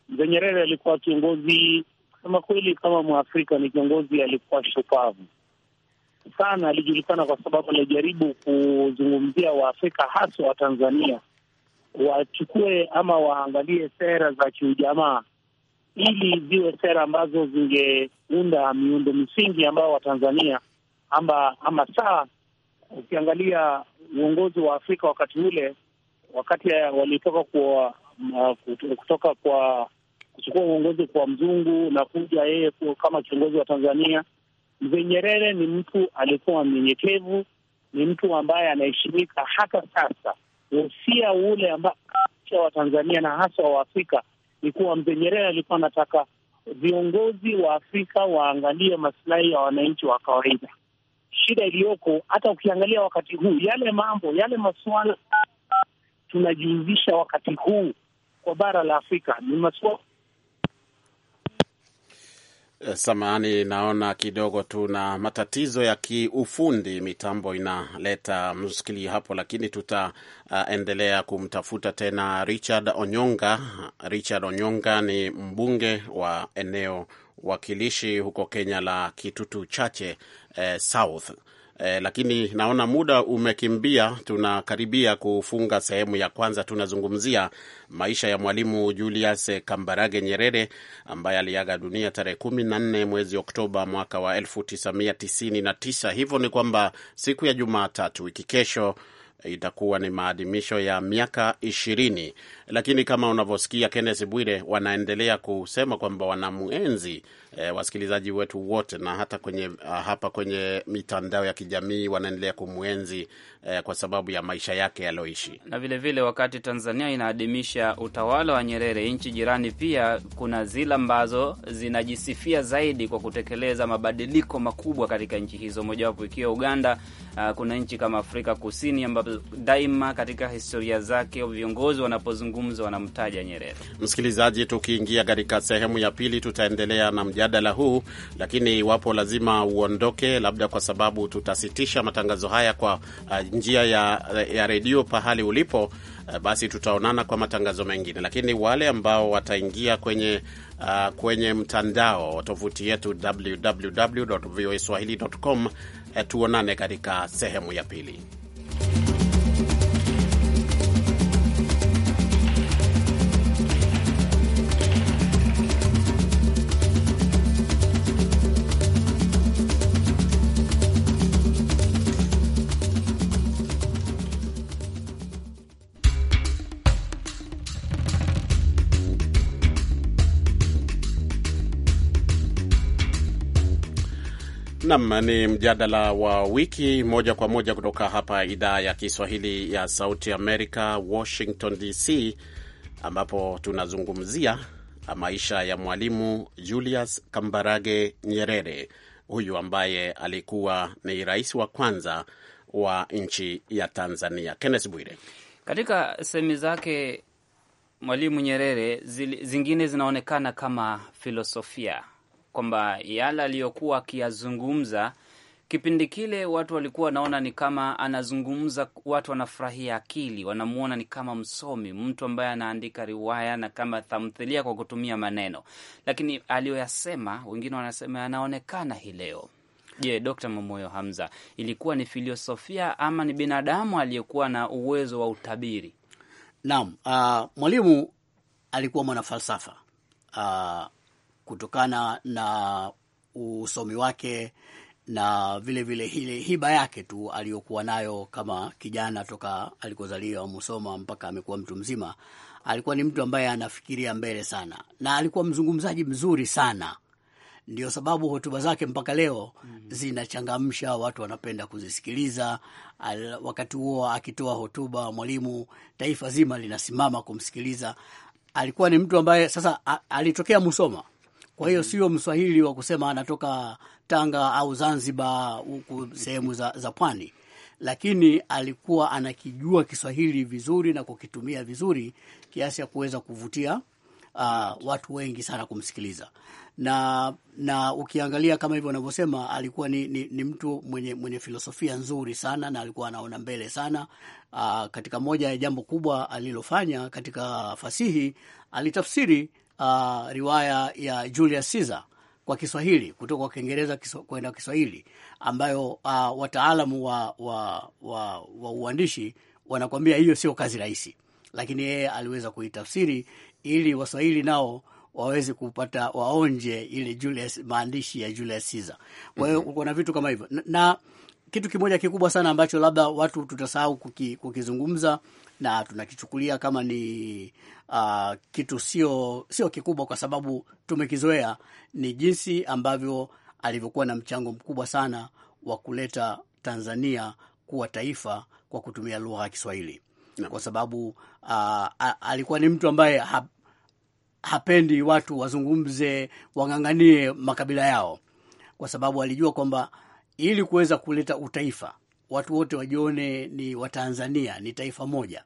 mzee Nyerere alikuwa kiongozi kusema kweli, kama Mwafrika ni kiongozi alikuwa shupavu sana. Alijulikana kwa sababu alijaribu kuzungumzia Waafrika hasa wa Tanzania wachukue ama waangalie sera za kiujamaa ili ziwe sera ambazo zingeunda miundo misingi ambayo Watanzania ama, ama saa ukiangalia uongozi wa Afrika wakati ule, wakati walitoka kwa uh, kutoka kwa kuchukua uongozi kwa mzungu na kuja yeye kama kiongozi wa Tanzania. Mzee Nyerere ni mtu alikuwa mnyenyekevu, ni mtu ambaye anaheshimika hata sasa. Usia ule ambao wa Tanzania na hasa wa Afrika ni kuwa Mzee Nyerere alikuwa anataka viongozi wa Afrika waangalie masilahi ya wananchi wa kawaida shida iliyoko. Hata ukiangalia wakati huu, yale mambo yale masuala tunajihusisha wakati huu kwa bara la Afrika ni masuala Samahani, naona kidogo tuna matatizo ya kiufundi, mitambo inaleta mshikili hapo, lakini tutaendelea uh, kumtafuta tena Richard Onyonga. Richard Onyonga ni mbunge wa eneo wakilishi huko Kenya la Kitutu Chache eh, South. Eh, lakini naona muda umekimbia, tunakaribia kufunga sehemu ya kwanza. Tunazungumzia maisha ya Mwalimu Julius Kambarage Nyerere ambaye aliaga dunia tarehe kumi na nne mwezi Oktoba mwaka wa tisa. Hivyo ni kwamba siku ya Jumatatu wiki kesho itakuwa ni maadhimisho ya miaka ishirini lakini kama unavyosikia Kenneth Bwire, wanaendelea kusema kwamba wanamwenzi e, eh, wasikilizaji wetu wote na hata kwenye ah, hapa kwenye mitandao ya kijamii wanaendelea kumuenzi e, kwa sababu ya maisha yake yaliyoishi. Na vilevile vile wakati Tanzania inaadhimisha utawala wa Nyerere, nchi jirani pia kuna zile ambazo zinajisifia zaidi kwa kutekeleza mabadiliko makubwa katika nchi hizo, mojawapo ikiwa Uganda. Ah, kuna nchi kama Afrika Kusini ambapo daima katika historia zake viongozi wanapozungumza mazungumzo wanamtaja Nyerere. Msikilizaji, tukiingia katika sehemu ya pili, tutaendelea na mjadala huu, lakini iwapo lazima uondoke, labda kwa sababu tutasitisha matangazo haya kwa uh, njia ya, ya redio pahali ulipo, uh, basi tutaonana kwa matangazo mengine, lakini wale ambao wataingia kwenye Uh, kwenye mtandao tovuti yetu www.voaswahili.com. Uh, tuonane katika sehemu ya pili. Nam ni mjadala wa wiki moja kwa moja kutoka hapa idhaa ya Kiswahili ya Sauti Amerika, Washington DC, ambapo tunazungumzia maisha ya Mwalimu Julius Kambarage Nyerere, huyu ambaye alikuwa ni rais wa kwanza wa nchi ya Tanzania. Kenneth Bwire, katika sehemi zake Mwalimu Nyerere zingine zinaonekana kama filosofia kwamba yale aliyokuwa akiyazungumza kipindi kile watu walikuwa wanaona ni kama anazungumza, watu wanafurahia akili, wanamwona ni kama msomi, mtu ambaye anaandika riwaya na kama tamthilia kwa kutumia maneno, lakini aliyoyasema wengine wanasema yanaonekana hii leo. Je, Dr. Momoyo Hamza, ilikuwa ni filosofia ama ni binadamu aliyekuwa na uwezo wa utabiri? Naam, uh, Mwalimu alikuwa mwanafalsafa uh, kutokana na usomi wake na vile vile ile hiba yake tu aliyokuwa nayo kama kijana toka alikozaliwa Musoma mpaka amekuwa mtu mzima. Alikuwa ni mtu ambaye anafikiria mbele sana, na alikuwa mzungumzaji mzuri sana. Ndio sababu hotuba zake mpaka leo mm -hmm. zinachangamsha watu, wanapenda kuzisikiliza. Al, wakati huo akitoa hotuba Mwalimu, taifa zima linasimama kumsikiliza. Alikuwa ni mtu ambaye sasa a, alitokea Musoma kwa hiyo mm. sio Mswahili wa kusema anatoka Tanga au Zanzibar, huku sehemu za, za pwani, lakini alikuwa anakijua Kiswahili vizuri na kukitumia vizuri kiasi ya kuweza kuvutia uh, watu wengi sana kumsikiliza na na ukiangalia kama hivyo wanavyosema, alikuwa ni, ni, ni mtu mwenye, mwenye filosofia nzuri sana na alikuwa anaona mbele sana. Aa, ah, katika moja ya jambo kubwa alilofanya katika fasihi alitafsiri uh, riwaya ya Julius Caesar kwa Kiswahili kutoka kwa Kiingereza kwenda Kiswahili ambayo uh, wataalamu wa, wa, wa, wa uandishi wanakuambia hiyo sio kazi rahisi, lakini yeye aliweza kuitafsiri ili Waswahili nao waweze kupata waonje ile Julius, maandishi ya Julius Caesar. Kwa hiyo mm -hmm. kuna vitu kama hivyo na, na kitu kimoja kikubwa sana ambacho labda watu tutasahau kuki, kukizungumza na tunakichukulia kama ni uh, kitu sio sio kikubwa, kwa sababu tumekizoea. Ni jinsi ambavyo alivyokuwa na mchango mkubwa sana wa kuleta Tanzania kuwa taifa kwa kutumia lugha ya Kiswahili na, kwa sababu uh, alikuwa ni mtu ambaye ha, hapendi watu wazungumze wang'ang'anie makabila yao, kwa sababu alijua kwamba ili kuweza kuleta utaifa watu wote wajione ni Watanzania, ni taifa moja.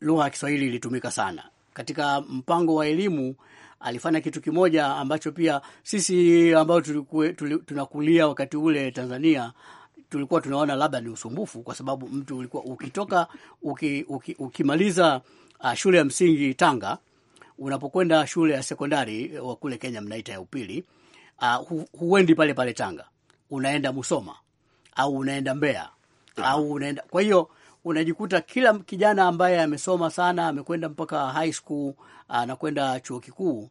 Lugha ya Kiswahili ilitumika sana katika mpango wa elimu. Alifanya kitu kimoja ambacho pia sisi ambao tuli, tunakulia wakati ule Tanzania tulikuwa tunaona labda ni usumbufu, kwa sababu mtu ulikuwa ukitoka uki, uki, ukimaliza uh, shule ya msingi Tanga, unapokwenda shule ya sekondari wa uh, kule Kenya mnaita ya upili, uh, hu, huendi pale pale Tanga, unaenda Musoma au unaenda Mbeya au unaenda, kwa hiyo unajikuta kila kijana ambaye amesoma sana amekwenda mpaka high school anakwenda chuo kikuu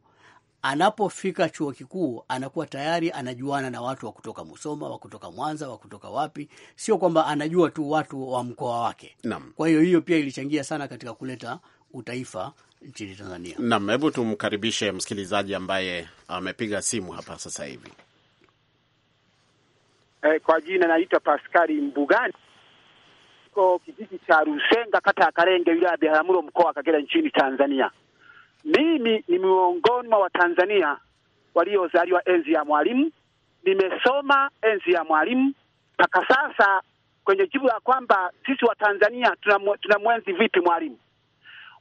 anapofika chuo kikuu anakuwa tayari anajuana na watu wa kutoka Musoma, wa kutoka Mwanza, wa kutoka wapi. Sio kwamba anajua tu watu wa mkoa wake. Naam. Kwa hiyo hiyo pia ilichangia sana katika kuleta utaifa nchini Tanzania. Naam, hebu tumkaribishe msikilizaji ambaye amepiga simu hapa sasa hivi eh, kwa jina naitwa Paskari Mbugani, ko kijiji cha Rusenga, kata ya Karenge, wilaya ya Biharamulo, mkoa wa Kagera, nchini Tanzania. Mimi ni miongoni mwa Watanzania waliozaliwa enzi ya Mwalimu. Nimesoma enzi ya Mwalimu mpaka sasa kwenye jibu la kwamba sisi Watanzania tunamwenzi vipi Mwalimu.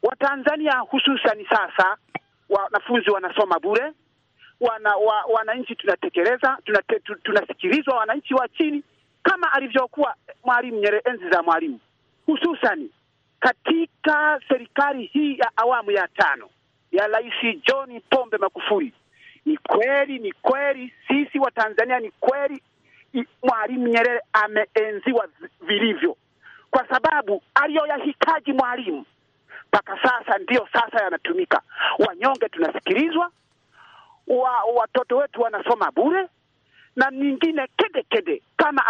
Watanzania hususani sasa wanafunzi wanasoma bure wana, wa, wananchi tunatekeleza tunate, tunasikilizwa wananchi wa chini kama alivyokuwa Mwalimu Nyerere enzi za Mwalimu, hususani katika serikali hii ya awamu ya tano ya Rais John Pombe Magufuli. Ni kweli, ni kweli sisi wa Tanzania, ni kweli Mwalimu Nyerere ameenziwa vilivyo, kwa sababu aliyoyahitaji Mwalimu mpaka sasa ndiyo sasa yanatumika. Wanyonge tunasikilizwa wa, watoto wetu wanasoma bure na nyingine kede kede kama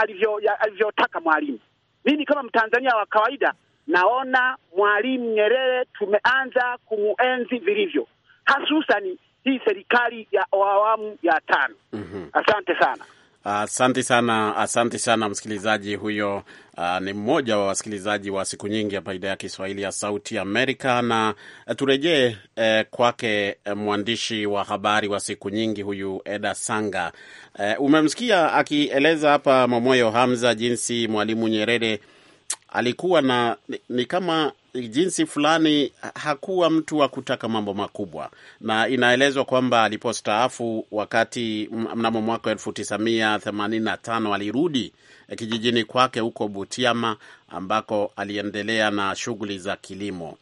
alivyotaka mwalimu. Mimi kama Mtanzania wa kawaida naona Mwalimu Nyerere tumeanza kumuenzi vilivyo, hasusani hii serikali ya awamu ya tano. Mm -hmm. Asante sana. Asante uh, sana asante sana msikilizaji huyo. Uh, ni mmoja wa wasikilizaji wa siku nyingi hapa idhaa ya Kiswahili ya Sauti Amerika. Na eh, turejee eh, kwake eh, mwandishi wa habari wa siku nyingi huyu Eda Sanga. Eh, umemsikia akieleza hapa Momoyo Hamza jinsi Mwalimu Nyerere alikuwa na ni, ni kama jinsi fulani hakuwa mtu wa kutaka mambo makubwa, na inaelezwa kwamba alipostaafu wakati mnamo mwaka elfu tisa mia themanini na tano alirudi eh, kijijini kwake huko Butiama ambako aliendelea na shughuli za kilimo.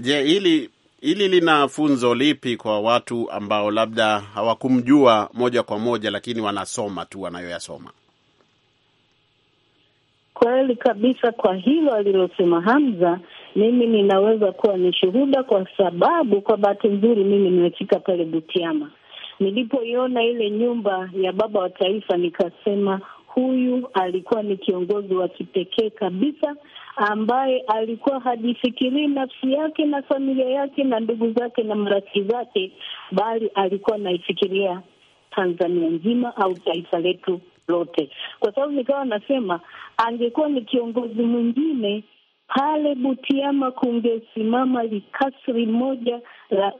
Je, hili hili lina funzo lipi kwa watu ambao labda hawakumjua moja kwa moja, lakini wanasoma tu wanayoyasoma? Kweli kabisa, kwa hilo alilosema Hamza mimi ninaweza kuwa ni shuhuda, kwa sababu kwa bahati nzuri mimi nimefika pale Butiama. Nilipoiona ile nyumba ya baba wa taifa, nikasema huyu alikuwa ni kiongozi wa kipekee kabisa, ambaye alikuwa hajifikirii nafsi yake na familia yake na ndugu zake na marafiki zake, bali alikuwa anaifikiria Tanzania nzima au taifa letu lote, kwa sababu nikawa nasema angekuwa ni kiongozi mwingine pale Butiama kungesimama likasri moja la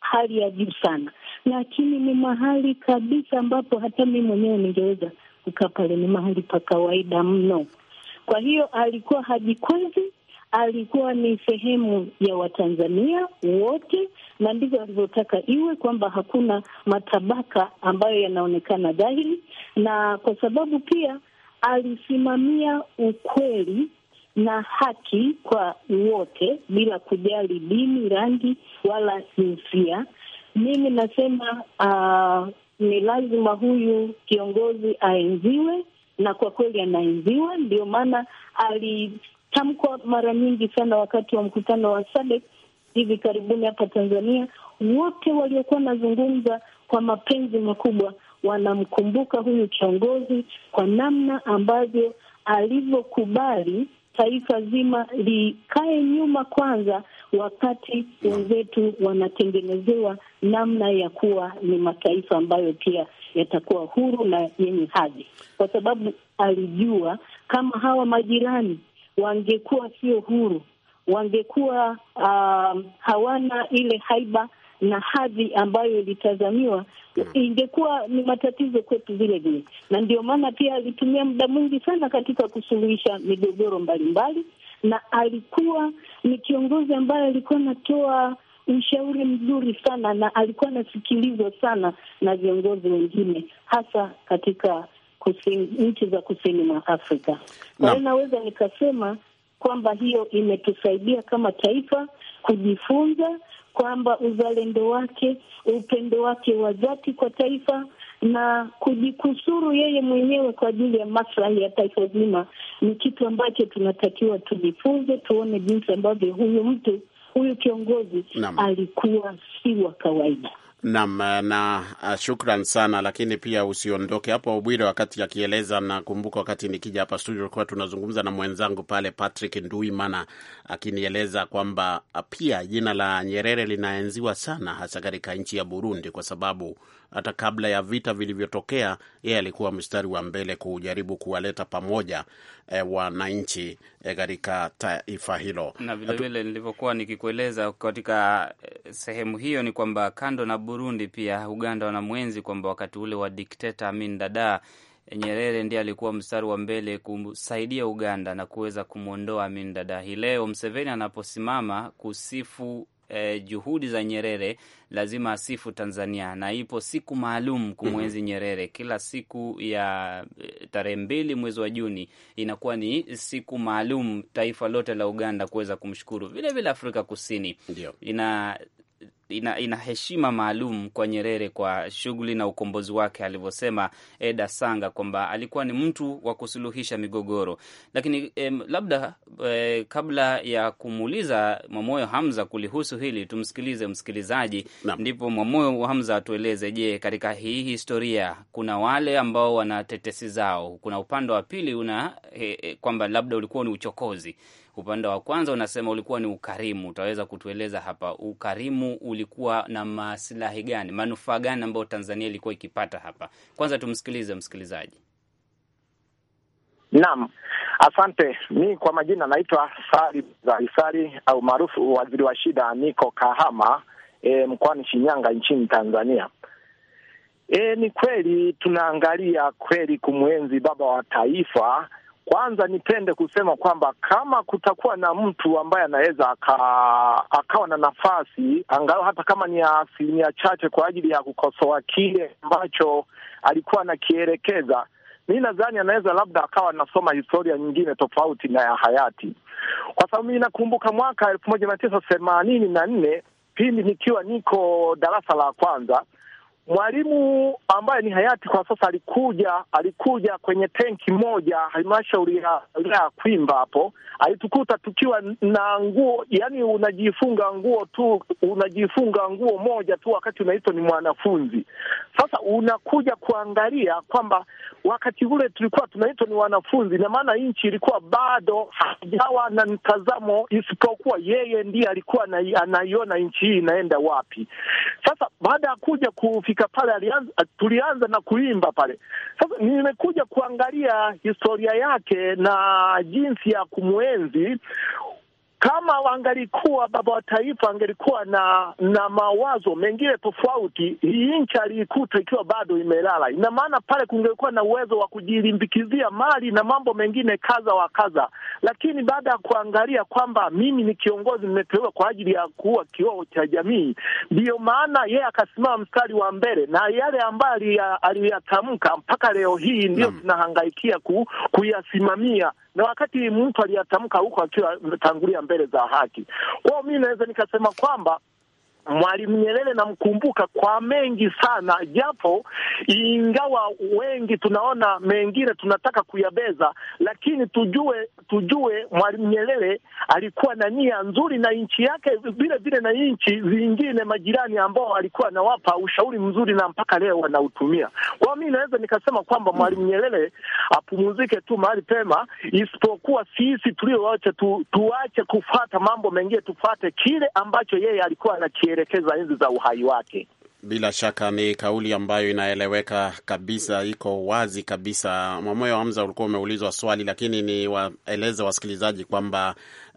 hali ya juu sana, lakini ni mahali kabisa ambapo hata mi mwenyewe ningeweza kukaa pale. Ni mahali pa kawaida mno. Kwa hiyo alikuwa hajikwezi, alikuwa ni sehemu ya Watanzania wote, na ndivyo alivyotaka iwe, kwamba hakuna matabaka ambayo yanaonekana dhahiri, na kwa sababu pia alisimamia ukweli na haki kwa wote bila kujali dini, rangi wala jinsia. Mimi nasema uh, ni lazima huyu kiongozi aenziwe, na kwa kweli anaenziwa. Ndio maana alitamkwa mara nyingi sana wakati wa mkutano wa SADC hivi karibuni hapa Tanzania. Wote waliokuwa wanazungumza kwa mapenzi makubwa wanamkumbuka huyu kiongozi kwa namna ambavyo alivyokubali taifa zima likae nyuma kwanza, wakati wenzetu wanatengenezewa namna ya kuwa ni mataifa ambayo pia yatakuwa huru na yenye hadhi, kwa sababu alijua kama hawa majirani wangekuwa sio huru, wangekuwa uh, hawana ile haiba na hadhi ambayo ilitazamiwa mm. ingekuwa ni matatizo kwetu vile vile, na ndio maana pia alitumia muda mwingi sana katika kusuluhisha migogoro mbalimbali, na alikuwa ni kiongozi ambaye alikuwa anatoa ushauri mzuri sana na alikuwa anasikilizwa sana na viongozi wengine hasa katika nchi za kusini mwa Afrika. Kwa hiyo no. naweza nikasema kwamba hiyo imetusaidia kama taifa kujifunza kwamba uzalendo wake, upendo wake wa dhati kwa taifa na kujikusuru yeye mwenyewe kwa ajili ya maslahi ya taifa zima ni kitu ambacho tunatakiwa tujifunze, tuone jinsi ambavyo huyu mtu huyu kiongozi Nama. alikuwa si wa kawaida. Naam, na uh, shukran sana, lakini pia usiondoke hapo Ubwire. Wakati akieleza, nakumbuka wakati nikija hapa studio kwa tunazungumza na mwenzangu pale Patrick Nduimana akinieleza kwamba uh, pia jina la Nyerere linaenziwa sana hasa katika nchi ya Burundi kwa sababu hata kabla ya vita vilivyotokea, yeye alikuwa mstari wa mbele kujaribu kuwaleta pamoja e, wananchi e, katika taifa hilo. Na vilevile nilivyokuwa nikikueleza katika e, sehemu hiyo ni kwamba kando na Burundi, pia Uganda wana mwenzi kwamba wakati ule wa dikteta Amin Dada e, Nyerere ndiye alikuwa mstari wa mbele kusaidia Uganda na kuweza kumwondoa Amin Dada. Hii leo Mseveni anaposimama kusifu eh, juhudi za Nyerere lazima asifu Tanzania, na ipo siku maalum kumwenzi mhm. Nyerere. Kila siku ya eh, tarehe mbili mwezi wa Juni inakuwa ni siku maalum taifa lote la Uganda kuweza kumshukuru. Vilevile Afrika Kusini Ndiyo. ina ina, ina heshima maalum kwa Nyerere kwa shughuli na ukombozi wake, alivyosema Eda Sanga kwamba alikuwa ni mtu wa kusuluhisha migogoro. Lakini em, labda e, kabla ya kumuuliza Mwamoyo Hamza kulihusu hili, tumsikilize msikilizaji, ndipo Mwamoyo Hamza atueleze. Je, katika hii historia kuna wale ambao wana tetesi zao, kuna upande wa pili una e, e, kwamba labda ulikuwa ni uchokozi, upande wa kwanza unasema ulikuwa ni ukarimu. Utaweza kutueleza hapa ukarimu uli ulikuwa na maslahi gani, manufaa gani ambayo Tanzania ilikuwa ikipata hapa? Kwanza tumsikilize msikilizaji. Naam, asante. Mi kwa majina naitwa Sari Zaisari au maarufu waziri wa shida, niko Kahama e, mkoani Shinyanga nchini Tanzania. E, ni kweli tunaangalia kweli kumwenzi baba wa taifa kwanza nipende kusema kwamba kama kutakuwa na mtu ambaye anaweza akawa na nafasi angalau hata kama ni asilimia chache kwa ajili ya kukosoa kile ambacho alikuwa anakielekeza, mi nadhani anaweza labda akawa anasoma historia nyingine tofauti na ya hayati, kwa sababu mi nakumbuka mwaka elfu moja mia tisa themanini na nne pindi nikiwa niko darasa la kwanza mwalimu ambaye ni hayati kwa sasa alikuja alikuja kwenye tenki moja halmashauri ya wilaya Kwimba. Hapo alitukuta tukiwa na nguo, yani unajifunga nguo tu, unajifunga nguo moja tu, wakati unaitwa ni mwanafunzi. Sasa unakuja kuangalia kwamba wakati ule tulikuwa tunaitwa ni wanafunzi, na maana nchi ilikuwa bado hajawa na mtazamo, isipokuwa yeye ndiye alikuwa anaiona nchi hii inaenda wapi. Sasa baada ya kuja ku kufika pale alianza, tulianza na kuimba pale. Sasa nimekuja kuangalia historia yake na jinsi ya kumwenzi kama wangalikuwa baba wa taifa angelikuwa na na mawazo mengine tofauti, hii nchi aliikuta ikiwa bado imelala. Ina maana pale kungekuwa na uwezo wa kujilimbikizia mali na mambo mengine kadha wa kadha, lakini baada ya kuangalia kwamba mimi ni kiongozi, nimeteuliwa kwa ajili ya kuwa kioo cha jamii, ndiyo maana yeye akasimama mstari wa mbele, na yale ambayo aliyatamka mpaka leo hii ndiyo tunahangaikia ku, kuyasimamia, na wakati mtu aliyatamka huko akiwa ametangulia mbele za haki. Kwao mi naweza nikasema kwamba Mwalimu Nyerere namkumbuka kwa mengi sana, japo ingawa wengi tunaona mengine tunataka kuyabeza, lakini tujue tujue Mwalimu Nyerere alikuwa na nia nzuri na nchi yake vile vile na nchi zingine majirani, ambao alikuwa anawapa ushauri mzuri na mpaka leo wanautumia. Kwa mimi naweza nikasema kwamba Mwalimu Nyerere apumuzike tu mahali pema, isipokuwa sisi wote tu, tuache kufata mambo mengine, tufate kile ambacho yeye alikuwa anaki akielekeza enzi za uhai wake. Bila shaka ni kauli ambayo inaeleweka kabisa, iko wazi kabisa. Mwamoyo Hamza, ulikuwa umeulizwa swali, lakini ni waeleze wasikilizaji kwamba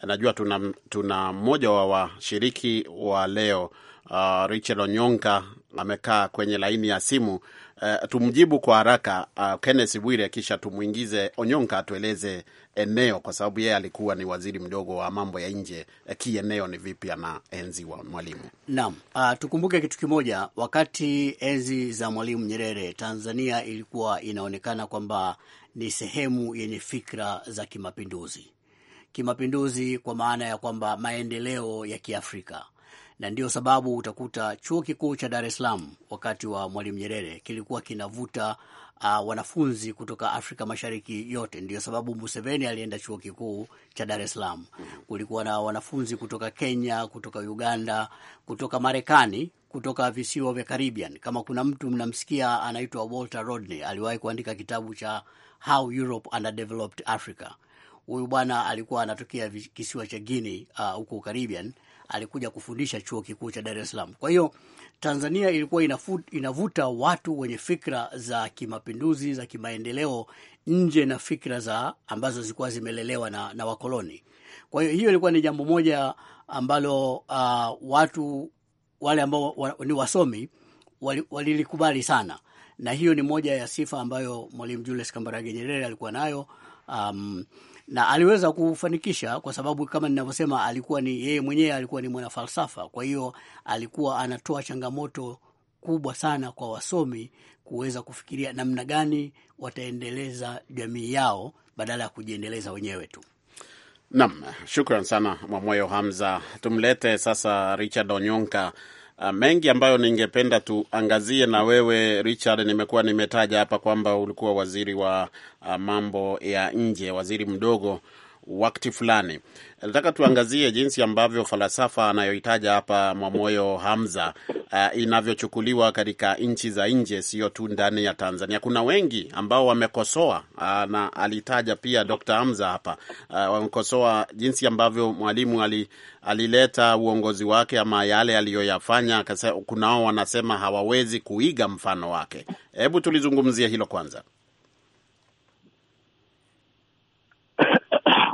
najua tuna tuna mmoja wa washiriki wa leo uh, Richard Onyonka amekaa kwenye laini ya simu. Uh, tumjibu kwa haraka uh, Kenneth Bwire, kisha tumwingize Onyonka atueleze eneo, kwa sababu yeye alikuwa ni waziri mdogo wa mambo ya nje eh, kieneo, ni vipi enzi wa Mwalimu. Naam, uh, tukumbuke kitu kimoja, wakati enzi za Mwalimu Nyerere Tanzania ilikuwa inaonekana kwamba ni sehemu yenye fikra za kimapinduzi, kimapinduzi kwa maana ya kwamba maendeleo ya Kiafrika na ndio sababu utakuta chuo kikuu cha Dar es Salaam wakati wa Mwalimu Nyerere kilikuwa kinavuta uh, wanafunzi kutoka Afrika Mashariki yote. Ndio sababu Museveni alienda chuo kikuu cha Dar es Salaam. Kulikuwa na wanafunzi kutoka Kenya, kutoka Uganda, kutoka Marekani, kutoka visiwa vya Caribbean. Kama kuna mtu mnamsikia anaitwa Walter Rodney, aliwahi kuandika kitabu cha How Europe Underdeveloped Africa. Huyu bwana alikuwa anatokea kisiwa cha Guinea ah, huko uh, Caribbean. Alikuja kufundisha chuo kikuu cha Dar es Salaam. Kwa hiyo Tanzania ilikuwa inavuta watu wenye fikra za kimapinduzi za kimaendeleo nje na fikra za ambazo zilikuwa zimelelewa na, na wakoloni. Kwa hiyo hiyo ilikuwa ni jambo moja ambalo uh, watu wale ambao wa, ni wasomi walilikubali wali sana, na hiyo ni moja ya sifa ambayo Mwalimu Julius Kambarage Nyerere alikuwa nayo um, na aliweza kufanikisha kwa sababu kama ninavyosema, alikuwa ni yeye mwenyewe alikuwa ni mwanafalsafa, kwa hiyo alikuwa anatoa changamoto kubwa sana kwa wasomi kuweza kufikiria namna gani wataendeleza jamii yao badala ya kujiendeleza wenyewe tu. Naam, shukran sana Mwamoyo Hamza. Tumlete sasa Richard Onyonka Uh, mengi ambayo ningependa tuangazie na wewe Richard. Nimekuwa nimetaja hapa kwamba ulikuwa waziri wa uh, mambo ya nje, waziri mdogo wakati fulani. Nataka tuangazie jinsi ambavyo falsafa anayohitaja hapa Mwamoyo Hamza uh, inavyochukuliwa katika nchi za nje, sio tu ndani ya Tanzania. Kuna wengi ambao wamekosoa uh, na alitaja pia Dr. Hamza hapa uh, wamekosoa jinsi ambavyo Mwalimu ali, alileta uongozi wake ama yale aliyoyafanya. Kunao wanasema hawawezi kuiga mfano wake. Hebu tulizungumzia hilo kwanza.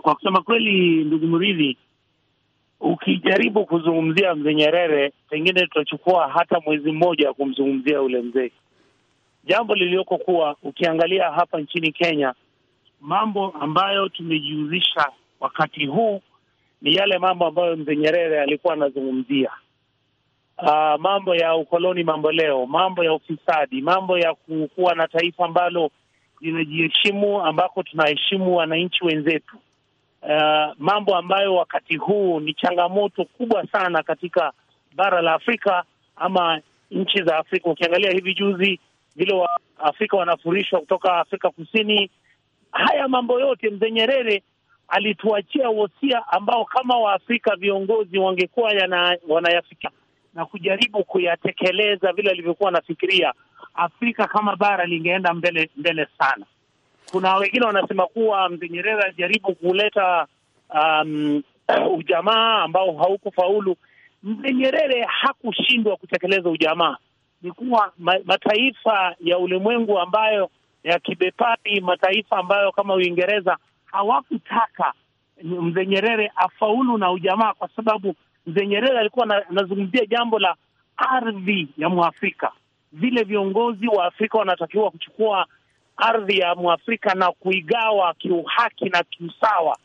Kwa kusema kweli, ndugu Mridhi, ukijaribu kuzungumzia mzee Nyerere, pengine tutachukua hata mwezi mmoja wa kumzungumzia ule mzee. Jambo lilioko kuwa ukiangalia hapa nchini Kenya, mambo ambayo tumejihusisha wakati huu ni yale mambo ambayo mzee Nyerere alikuwa anazungumzia. Uh, mambo ya ukoloni mamboleo, mambo ya ufisadi, mambo ya kuwa na taifa ambalo linajiheshimu, ambako tunaheshimu wananchi wenzetu uh, mambo ambayo wakati huu ni changamoto kubwa sana katika bara la Afrika ama nchi za Afrika. Ukiangalia hivi juzi vile Waafrika wanafurishwa kutoka Afrika Kusini, haya mambo yote mzee Nyerere alituachia wosia ambao kama Waafrika viongozi wangekuwa wanayafikia na kujaribu kuyatekeleza vile alivyokuwa anafikiria, Afrika kama bara lingeenda mbele mbele sana. Kuna wengine wanasema kuwa mzee Nyerere ajaribu kuleta um, ujamaa ambao haukufaulu. Mzee Nyerere hakushindwa kutekeleza ujamaa, ni kuwa mataifa ya ulimwengu ambayo ya kibepari, mataifa ambayo kama Uingereza hawakutaka mzee Nyerere afaulu na ujamaa, kwa sababu mzee Nyerere alikuwa anazungumzia jambo la ardhi ya Mwafrika, vile viongozi wa Afrika wanatakiwa kuchukua ardhi ya Mwafrika na kuigawa kiuhaki na kiusawa,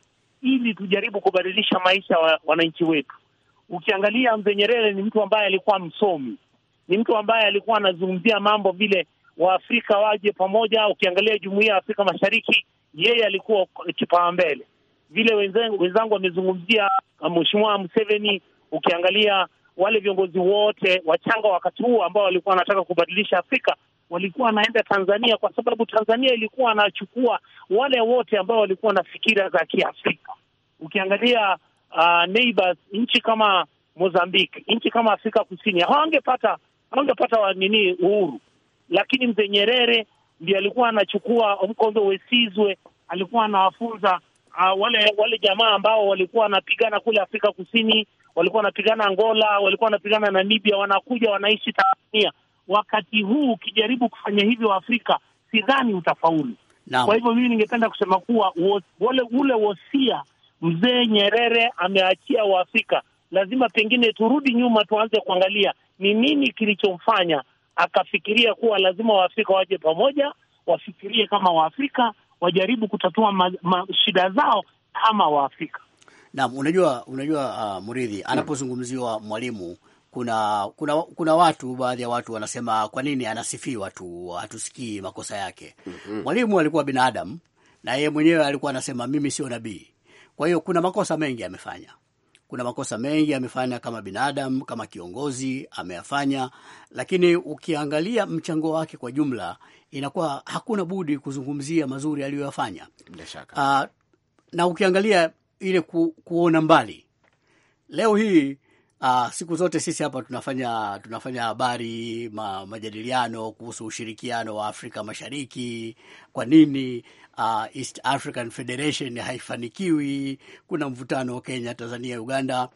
ili tujaribu kubadilisha maisha ya wananchi wetu. Ukiangalia, mzee Nyerere ni mtu ambaye alikuwa msomi, ni mtu ambaye alikuwa anazungumzia mambo vile Waafrika waje pamoja. Ukiangalia jumuiya ya Afrika Mashariki, yeye alikuwa kipaumbele. Vile wenzangu wamezungumzia uh, Mheshimiwa Museveni, ukiangalia wale viongozi wote wachanga wakati huu ambao walikuwa wanataka kubadilisha Afrika walikuwa wanaenda Tanzania kwa sababu Tanzania ilikuwa anachukua wale wote ambao walikuwa na fikira za Kiafrika. Ukiangalia uh, neighbors, nchi kama Mozambique, nchi kama Afrika Kusini hawangepata hawangepata wa nini uhuru, lakini mzee Nyerere ndio alikuwa anachukua Mkondo Wesizwe, alikuwa anawafunza uh, wale wale jamaa ambao walikuwa wanapigana kule Afrika Kusini, walikuwa wanapigana Angola, walikuwa wanapigana Namibia, wanakuja wanaishi Tanzania wakati huu ukijaribu kufanya hivyo Afrika, sidhani utafaulu. Kwa hivyo mimi ningependa kusema kuwa ule wosia mzee Nyerere ameachia Waafrika, lazima pengine turudi nyuma, tuanze kuangalia ni nini kilichomfanya akafikiria kuwa lazima Waafrika waje pamoja, wafikirie kama Waafrika, wajaribu kutatua ma, ma, shida zao kama Waafrika. Naam, unajua unajua, uh, Muridhi, anapozungumziwa mwalimu kuna kuna kuna watu baadhi ya watu wanasema kwa nini anasifiwa tu, hatusikii makosa yake. Mhm. Mwalimu mm -hmm. alikuwa binadamu na yeye mwenyewe alikuwa anasema mimi sio nabii. Kwa hiyo kuna makosa mengi amefanya, kuna makosa mengi amefanya kama binadamu, kama kiongozi ameyafanya, lakini ukiangalia mchango wake kwa jumla, inakuwa hakuna budi kuzungumzia mazuri aliyoyafanya. Uh, na ukiangalia ile ku, kuona mbali leo hii Uh, siku zote sisi hapa tunafanya tunafanya habari ma, majadiliano kuhusu ushirikiano wa Afrika Mashariki. Kwa nini uh, East African Federation haifanikiwi? Kuna mvutano wa Kenya, Tanzania, Uganda.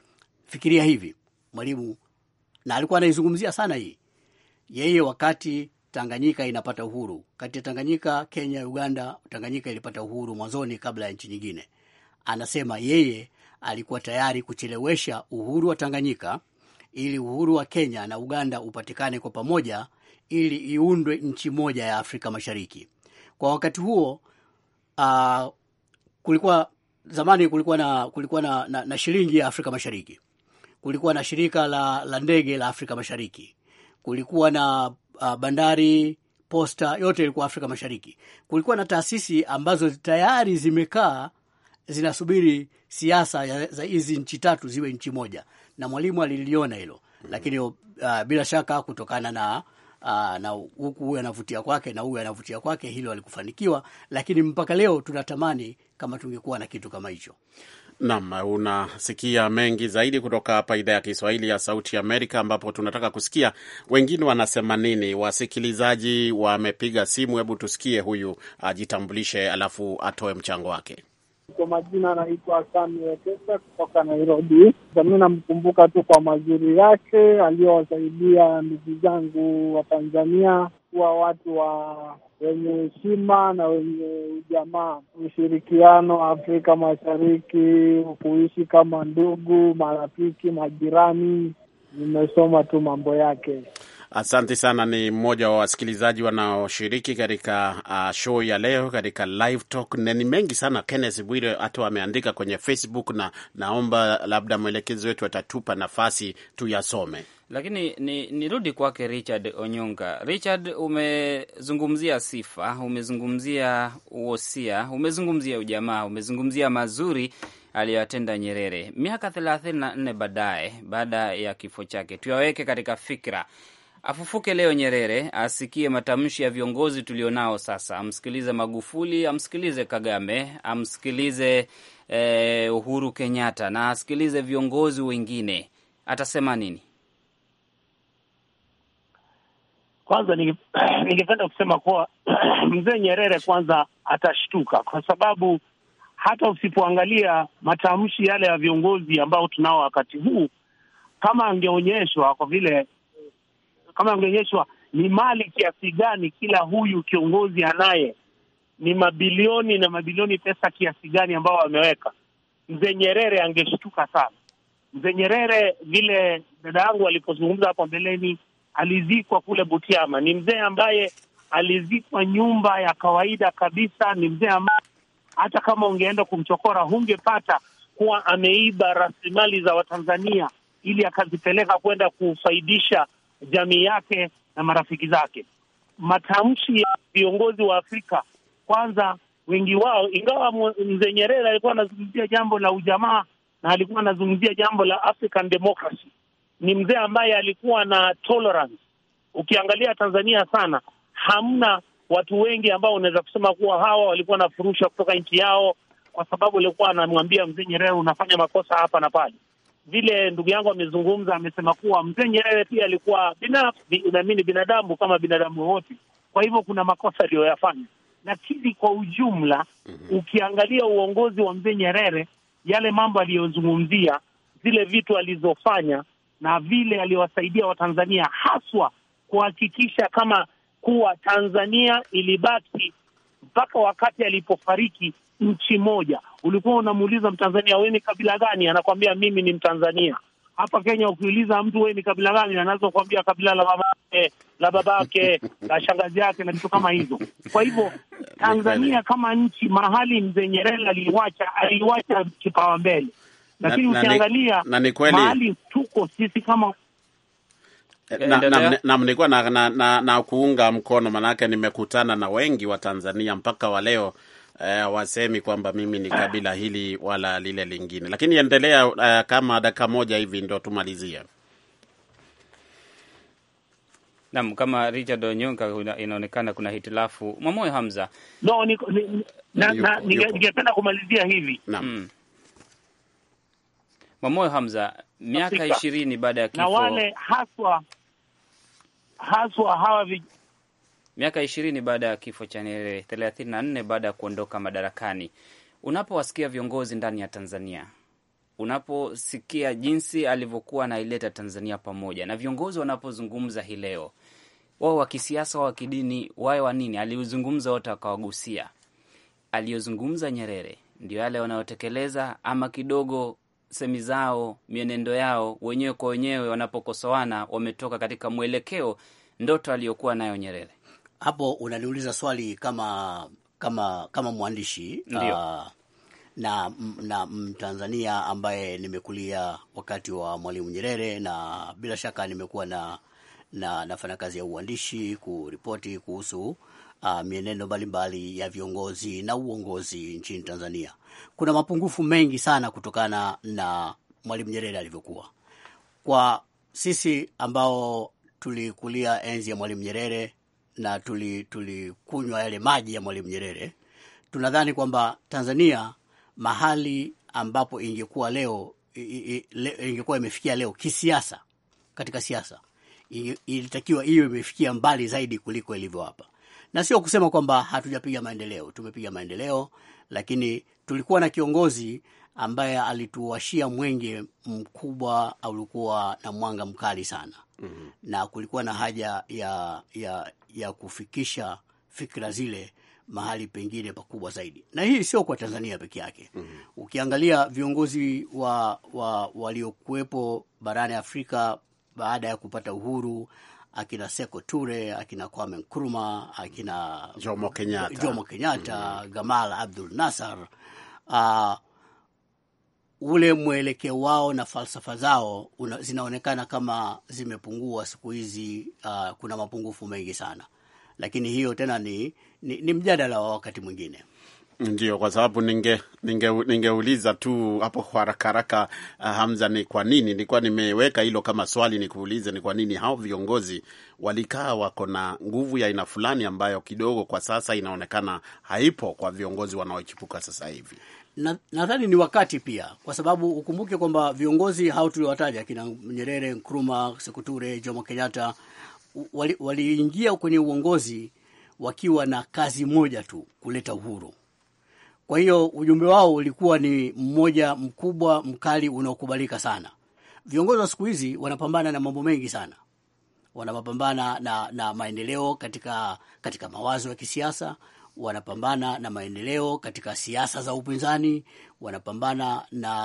Fikiria hivi, Mwalimu na alikuwa anaizungumzia sana hii yeye, wakati Tanganyika inapata uhuru, kati ya Tanganyika, Kenya, Uganda, Tanganyika ilipata uhuru mwanzoni kabla ya nchi nyingine. Anasema yeye alikuwa tayari kuchelewesha uhuru wa Tanganyika ili uhuru wa Kenya na Uganda upatikane kwa pamoja ili iundwe nchi moja ya Afrika Mashariki. Kwa wakati huo uh, kulikuwa zamani kulikuwa na, kulikuwa na, na, na shilingi ya Afrika Mashariki, kulikuwa na shirika la, la ndege la Afrika Mashariki, kulikuwa na uh, bandari, posta, yote ilikuwa Afrika Mashariki. Kulikuwa na taasisi ambazo tayari zimekaa zinasubiri siasa za hizi nchi tatu ziwe nchi moja, na Mwalimu aliliona hilo mm. Lakini uh, bila shaka kutokana na uh, na huku huyu anavutia kwake na huyu anavutia kwake, hilo alikufanikiwa, lakini mpaka leo tunatamani kama tungekuwa na kitu kama hicho. Naam, unasikia mengi zaidi kutoka hapa idhaa ya Kiswahili ya Sauti Amerika, ambapo tunataka kusikia wengine wanasema nini. Wasikilizaji wamepiga simu, hebu tusikie huyu ajitambulishe, alafu atoe mchango wake. Kwa majina anaitwa Hassan Wekesa kutoka Nairobi. Mi namkumbuka tu kwa mazuri yake aliyowasaidia ndugu zangu wa Tanzania kuwa watu wa wenye heshima na wenye ujamaa, ushirikiano Afrika Mashariki, kuishi kama ndugu, marafiki, majirani. Nimesoma tu mambo yake. Asante sana. Ni mmoja wa wasikilizaji wanaoshiriki katika uh, show ya leo katika live talk, na ni mengi sana. Kenneth Bwire hata ameandika kwenye Facebook, na naomba labda mwelekezi wetu atatupa nafasi tuyasome, lakini nirudi ni kwake Richard Onyonga. Richard, umezungumzia sifa, umezungumzia uosia, umezungumzia ujamaa, umezungumzia mazuri aliyoyatenda Nyerere miaka thelathini na nne baadaye baada ya kifo chake. Tuyaweke katika fikra afufuke leo Nyerere, asikie matamshi ya viongozi tulionao sasa, amsikilize Magufuli, amsikilize Kagame, amsikilize eh, Uhuru Kenyatta na asikilize viongozi wengine, atasema nini? Kwanza ningependa kusema kuwa mzee Nyerere kwanza atashtuka, kwa sababu hata usipoangalia matamshi yale ya viongozi ambao tunao wakati huu, kama angeonyeshwa, kwa vile kama angeonyeshwa ni mali kiasi gani kila huyu kiongozi anaye, ni mabilioni na mabilioni pesa kiasi gani ambao ameweka, mzee Nyerere angeshtuka sana. Mzee Nyerere, vile dada yangu alipozungumza hapo mbeleni, alizikwa kule Butiama. Ni mzee ambaye alizikwa nyumba ya kawaida kabisa. Ni mzee ambaye hata kama ungeenda kumchokora hungepata kuwa ameiba rasilimali za Watanzania ili akazipeleka kwenda kufaidisha jamii yake na marafiki zake. Matamshi ya viongozi wa Afrika kwanza, wengi wao, ingawa mzee Nyerere alikuwa anazungumzia jambo la ujamaa na alikuwa anazungumzia jambo la African democracy, ni mzee ambaye alikuwa na tolerance. Ukiangalia Tanzania sana, hamna watu wengi ambao unaweza kusema kuwa hawa walikuwa na furusha kutoka nchi yao, kwa sababu alikuwa anamwambia mzee Nyerere, unafanya makosa hapa na pale vile ndugu yangu amezungumza, amesema kuwa mzee Nyerere pia alikuwa binafsi, naamini binadamu kama binadamu wote. Kwa hivyo kuna makosa aliyoyafanya, lakini kwa ujumla mm -hmm. ukiangalia uongozi wa mzee Nyerere, yale mambo aliyozungumzia, zile vitu alizofanya na vile aliwasaidia Watanzania haswa kuhakikisha kama kuwa Tanzania ilibaki mpaka wakati alipofariki nchi moja. Ulikuwa unamuuliza Mtanzania, wewe ni kabila gani? Anakwambia mimi ni Mtanzania. Hapa Kenya ukiuliza mtu wewe ni kabila gani, anaweza kuambia kabila la mamake, la babake, la shangazi yake na vitu kama hizo. Kwa hivyo Tanzania kama nchi, mahali mzee Nyerere aliwacha, aliwacha kipawa mbele, lakini ukiangalia mahali tuko sisi kama eh, na nilikuwa na, na, na, na, na kuunga mkono, manake nimekutana na wengi wa Tanzania mpaka wa leo Eh, hawasemi wasemi kwamba mimi ni kabila hili wala lile lingine, lakini endelea uh, kama dakika moja hivi ndo tumalizia. Naam, kama Richard Onyonka, inaonekana kuna hitilafu. Mwamoyo Hamza, no, ningependa kumalizia hivi mm. Mwamoyo Hamza, miaka ishirini baada ya kifo na wale haswa haswa hawa miaka ishirini baada ya kifo cha Nyerere, thelathini na nne baada ya kuondoka madarakani. Unapowasikia viongozi ndani ya Tanzania, unaposikia jinsi alivyokuwa anaileta Tanzania pamoja na viongozi wanapozungumza hii leo, wao wa kisiasa, wa kidini, wawe wa nini, aliozungumza wote akawagusia. Aliyozungumza Nyerere ndio yale wanayotekeleza, ama kidogo semi zao, mienendo yao wenyewe kwa wenyewe, wanapokosoana wametoka katika mwelekeo ndoto aliyokuwa nayo Nyerere hapo unaniuliza swali kama kama kama mwandishi uh, na, na Mtanzania ambaye nimekulia wakati wa Mwalimu Nyerere na bila shaka nimekuwa na, na nafanya kazi ya uandishi kuripoti kuhusu uh, mienendo mbalimbali ya viongozi na uongozi nchini Tanzania. Kuna mapungufu mengi sana kutokana na Mwalimu Nyerere alivyokuwa. Kwa sisi ambao tulikulia enzi ya Mwalimu Nyerere na tulikunywa tuli yale maji ya Mwalimu Nyerere, tunadhani kwamba Tanzania mahali ambapo ingekuwa leo ingekuwa imefikia leo kisiasa, katika siasa ilitakiwa hiyo imefikia mbali zaidi kuliko ilivyo hapa, na sio kusema kwamba hatujapiga maendeleo. Tumepiga maendeleo, lakini tulikuwa na kiongozi ambaye alituwashia mwenge mkubwa, ulikuwa na mwanga mkali sana mm -hmm. na kulikuwa na haja ya, ya, ya kufikisha fikra zile mahali pengine pakubwa zaidi, na hii sio kwa Tanzania peke yake mm -hmm. Ukiangalia viongozi wa, wa waliokuwepo barani Afrika baada ya kupata uhuru akina Seko Ture, akina Kwame Nkruma, akina Jomo Kenyatta, Jomo Kenyatta mm -hmm. Gamal Abdul Nasser uh, ule mwelekeo wao na falsafa zao una, zinaonekana kama zimepungua siku hizi. Uh, kuna mapungufu mengi sana, lakini hiyo tena ni, ni, ni mjadala wa wakati mwingine. Ndio, kwa sababu ninge ningeuliza ninge tu hapo kwa haraka haraka, uh, Hamza, ni kwa nini nilikuwa nimeweka hilo kama swali nikuulize, ni kwa nini hao viongozi walikaa wako na nguvu ya aina fulani ambayo kidogo kwa sasa inaonekana haipo kwa viongozi wanaochipuka sasa hivi nadhani na ni wakati pia, kwa sababu ukumbuke kwamba viongozi hao tuliowataja kina Nyerere, Nkruma, Sekuture, Jomo Kenyatta waliingia wali kwenye uongozi wakiwa na kazi moja tu, kuleta uhuru. Kwa hiyo ujumbe wao ulikuwa ni mmoja mkubwa, mkali, unaokubalika sana. Viongozi wa siku hizi wanapambana na mambo mengi sana, wanapambana na, na maendeleo katika, katika mawazo ya kisiasa wanapambana na maendeleo katika siasa za upinzani, wanapambana na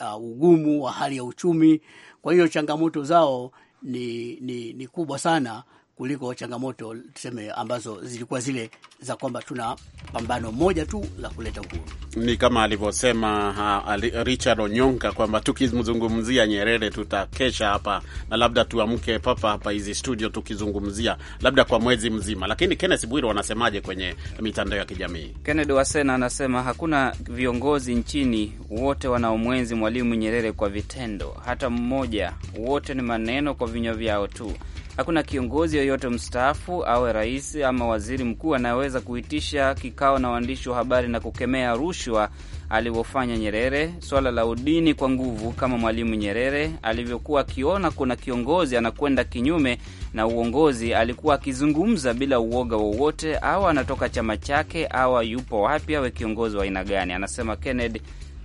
uh, ugumu wa hali ya uchumi. Kwa hiyo changamoto zao ni, ni, ni kubwa sana kuliko changamoto tuseme ambazo zilikuwa zile za kwamba tuna pambano moja tu la kuleta uhuru. Ni kama alivyosema uh, Richard Onyonka kwamba tukizungumzia Nyerere tutakesha hapa na labda tuamke papa hapa hizi studio tukizungumzia labda kwa mwezi mzima. Lakini Kenneth Bwire wanasemaje kwenye mitandao ya kijamii? Kennedy Wasena anasema hakuna viongozi nchini wote wanaomwenzi Mwalimu Nyerere kwa vitendo, hata mmoja. Wote ni maneno kwa vinywa vyao tu. Hakuna kiongozi yoyote mstaafu awe rais ama waziri mkuu anayeweza kuitisha kikao na waandishi wa habari na kukemea rushwa alivyofanya Nyerere, swala la udini kwa nguvu kama Mwalimu Nyerere alivyokuwa akiona kuna kiongozi anakwenda kinyume na uongozi, alikuwa akizungumza bila uoga wowote, au anatoka chama chake, au yupo wapi, awe kiongozi wa aina gani, anasema Kennedy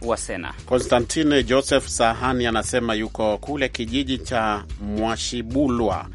Wasena. Konstantine Joseph Sahani anasema yuko kule kijiji cha Mwashibulwa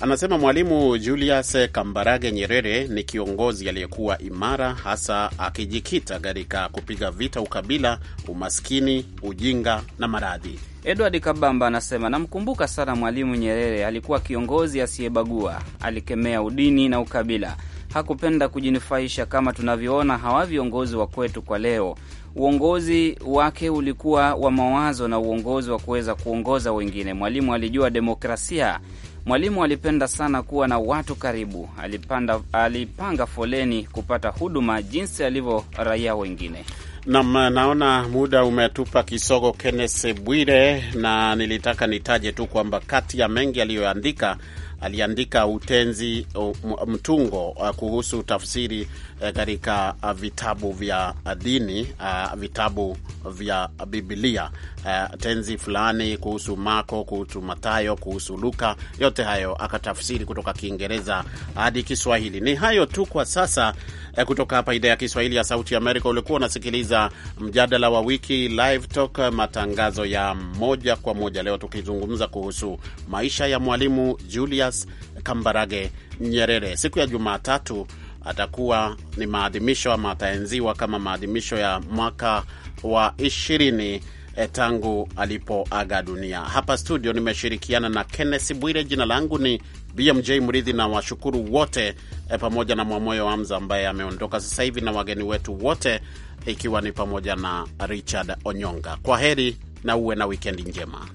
Anasema Mwalimu Julius Kambarage Nyerere ni kiongozi aliyekuwa imara, hasa akijikita katika kupiga vita ukabila, umaskini, ujinga na maradhi. Edward Kabamba anasema namkumbuka sana Mwalimu Nyerere, alikuwa kiongozi asiyebagua, alikemea udini na ukabila, hakupenda kujinufaisha kama tunavyoona hawa viongozi wa kwetu kwa leo. Uongozi wake ulikuwa wa mawazo na uongozi wa kuweza kuongoza wengine. Mwalimu alijua demokrasia Mwalimu alipenda sana kuwa na watu karibu. Alipanda, alipanga foleni kupata huduma jinsi alivyo raia wengine. Nam, naona muda umetupa kisogo, Kennes Bwire, na nilitaka nitaje tu kwamba kati ya mengi aliyoandika aliandika utenzi uh, mtungo uh, kuhusu tafsiri Eh, katika eh, vitabu vya eh, dini, vitabu vya Bibilia, tenzi fulani kuhusu Marko, kuhusu matayo kuhusu Luka, yote hayo akatafsiri kutoka Kiingereza hadi Kiswahili. Ni hayo tu kwa sasa kutoka hapa idhaa ya Kiswahili ya Sauti Amerika. Ulikuwa unasikiliza mjadala wa wiki Live Talk, matangazo ya moja kwa moja, leo tukizungumza kuhusu maisha ya Mwalimu Julius Kambarage Nyerere. Siku ya Jumatatu atakuwa ni maadhimisho ama ataenziwa kama maadhimisho ya mwaka wa ishirini eh, tangu alipoaga dunia. Hapa studio nimeshirikiana na kennes Bwire, jina langu ni BMJ Mridhi na washukuru wote e, pamoja na Mwamoyo Amza ambaye ameondoka sasa hivi na wageni wetu wote ikiwa ni pamoja na Richard Onyonga. Kwa heri na uwe na wikendi njema.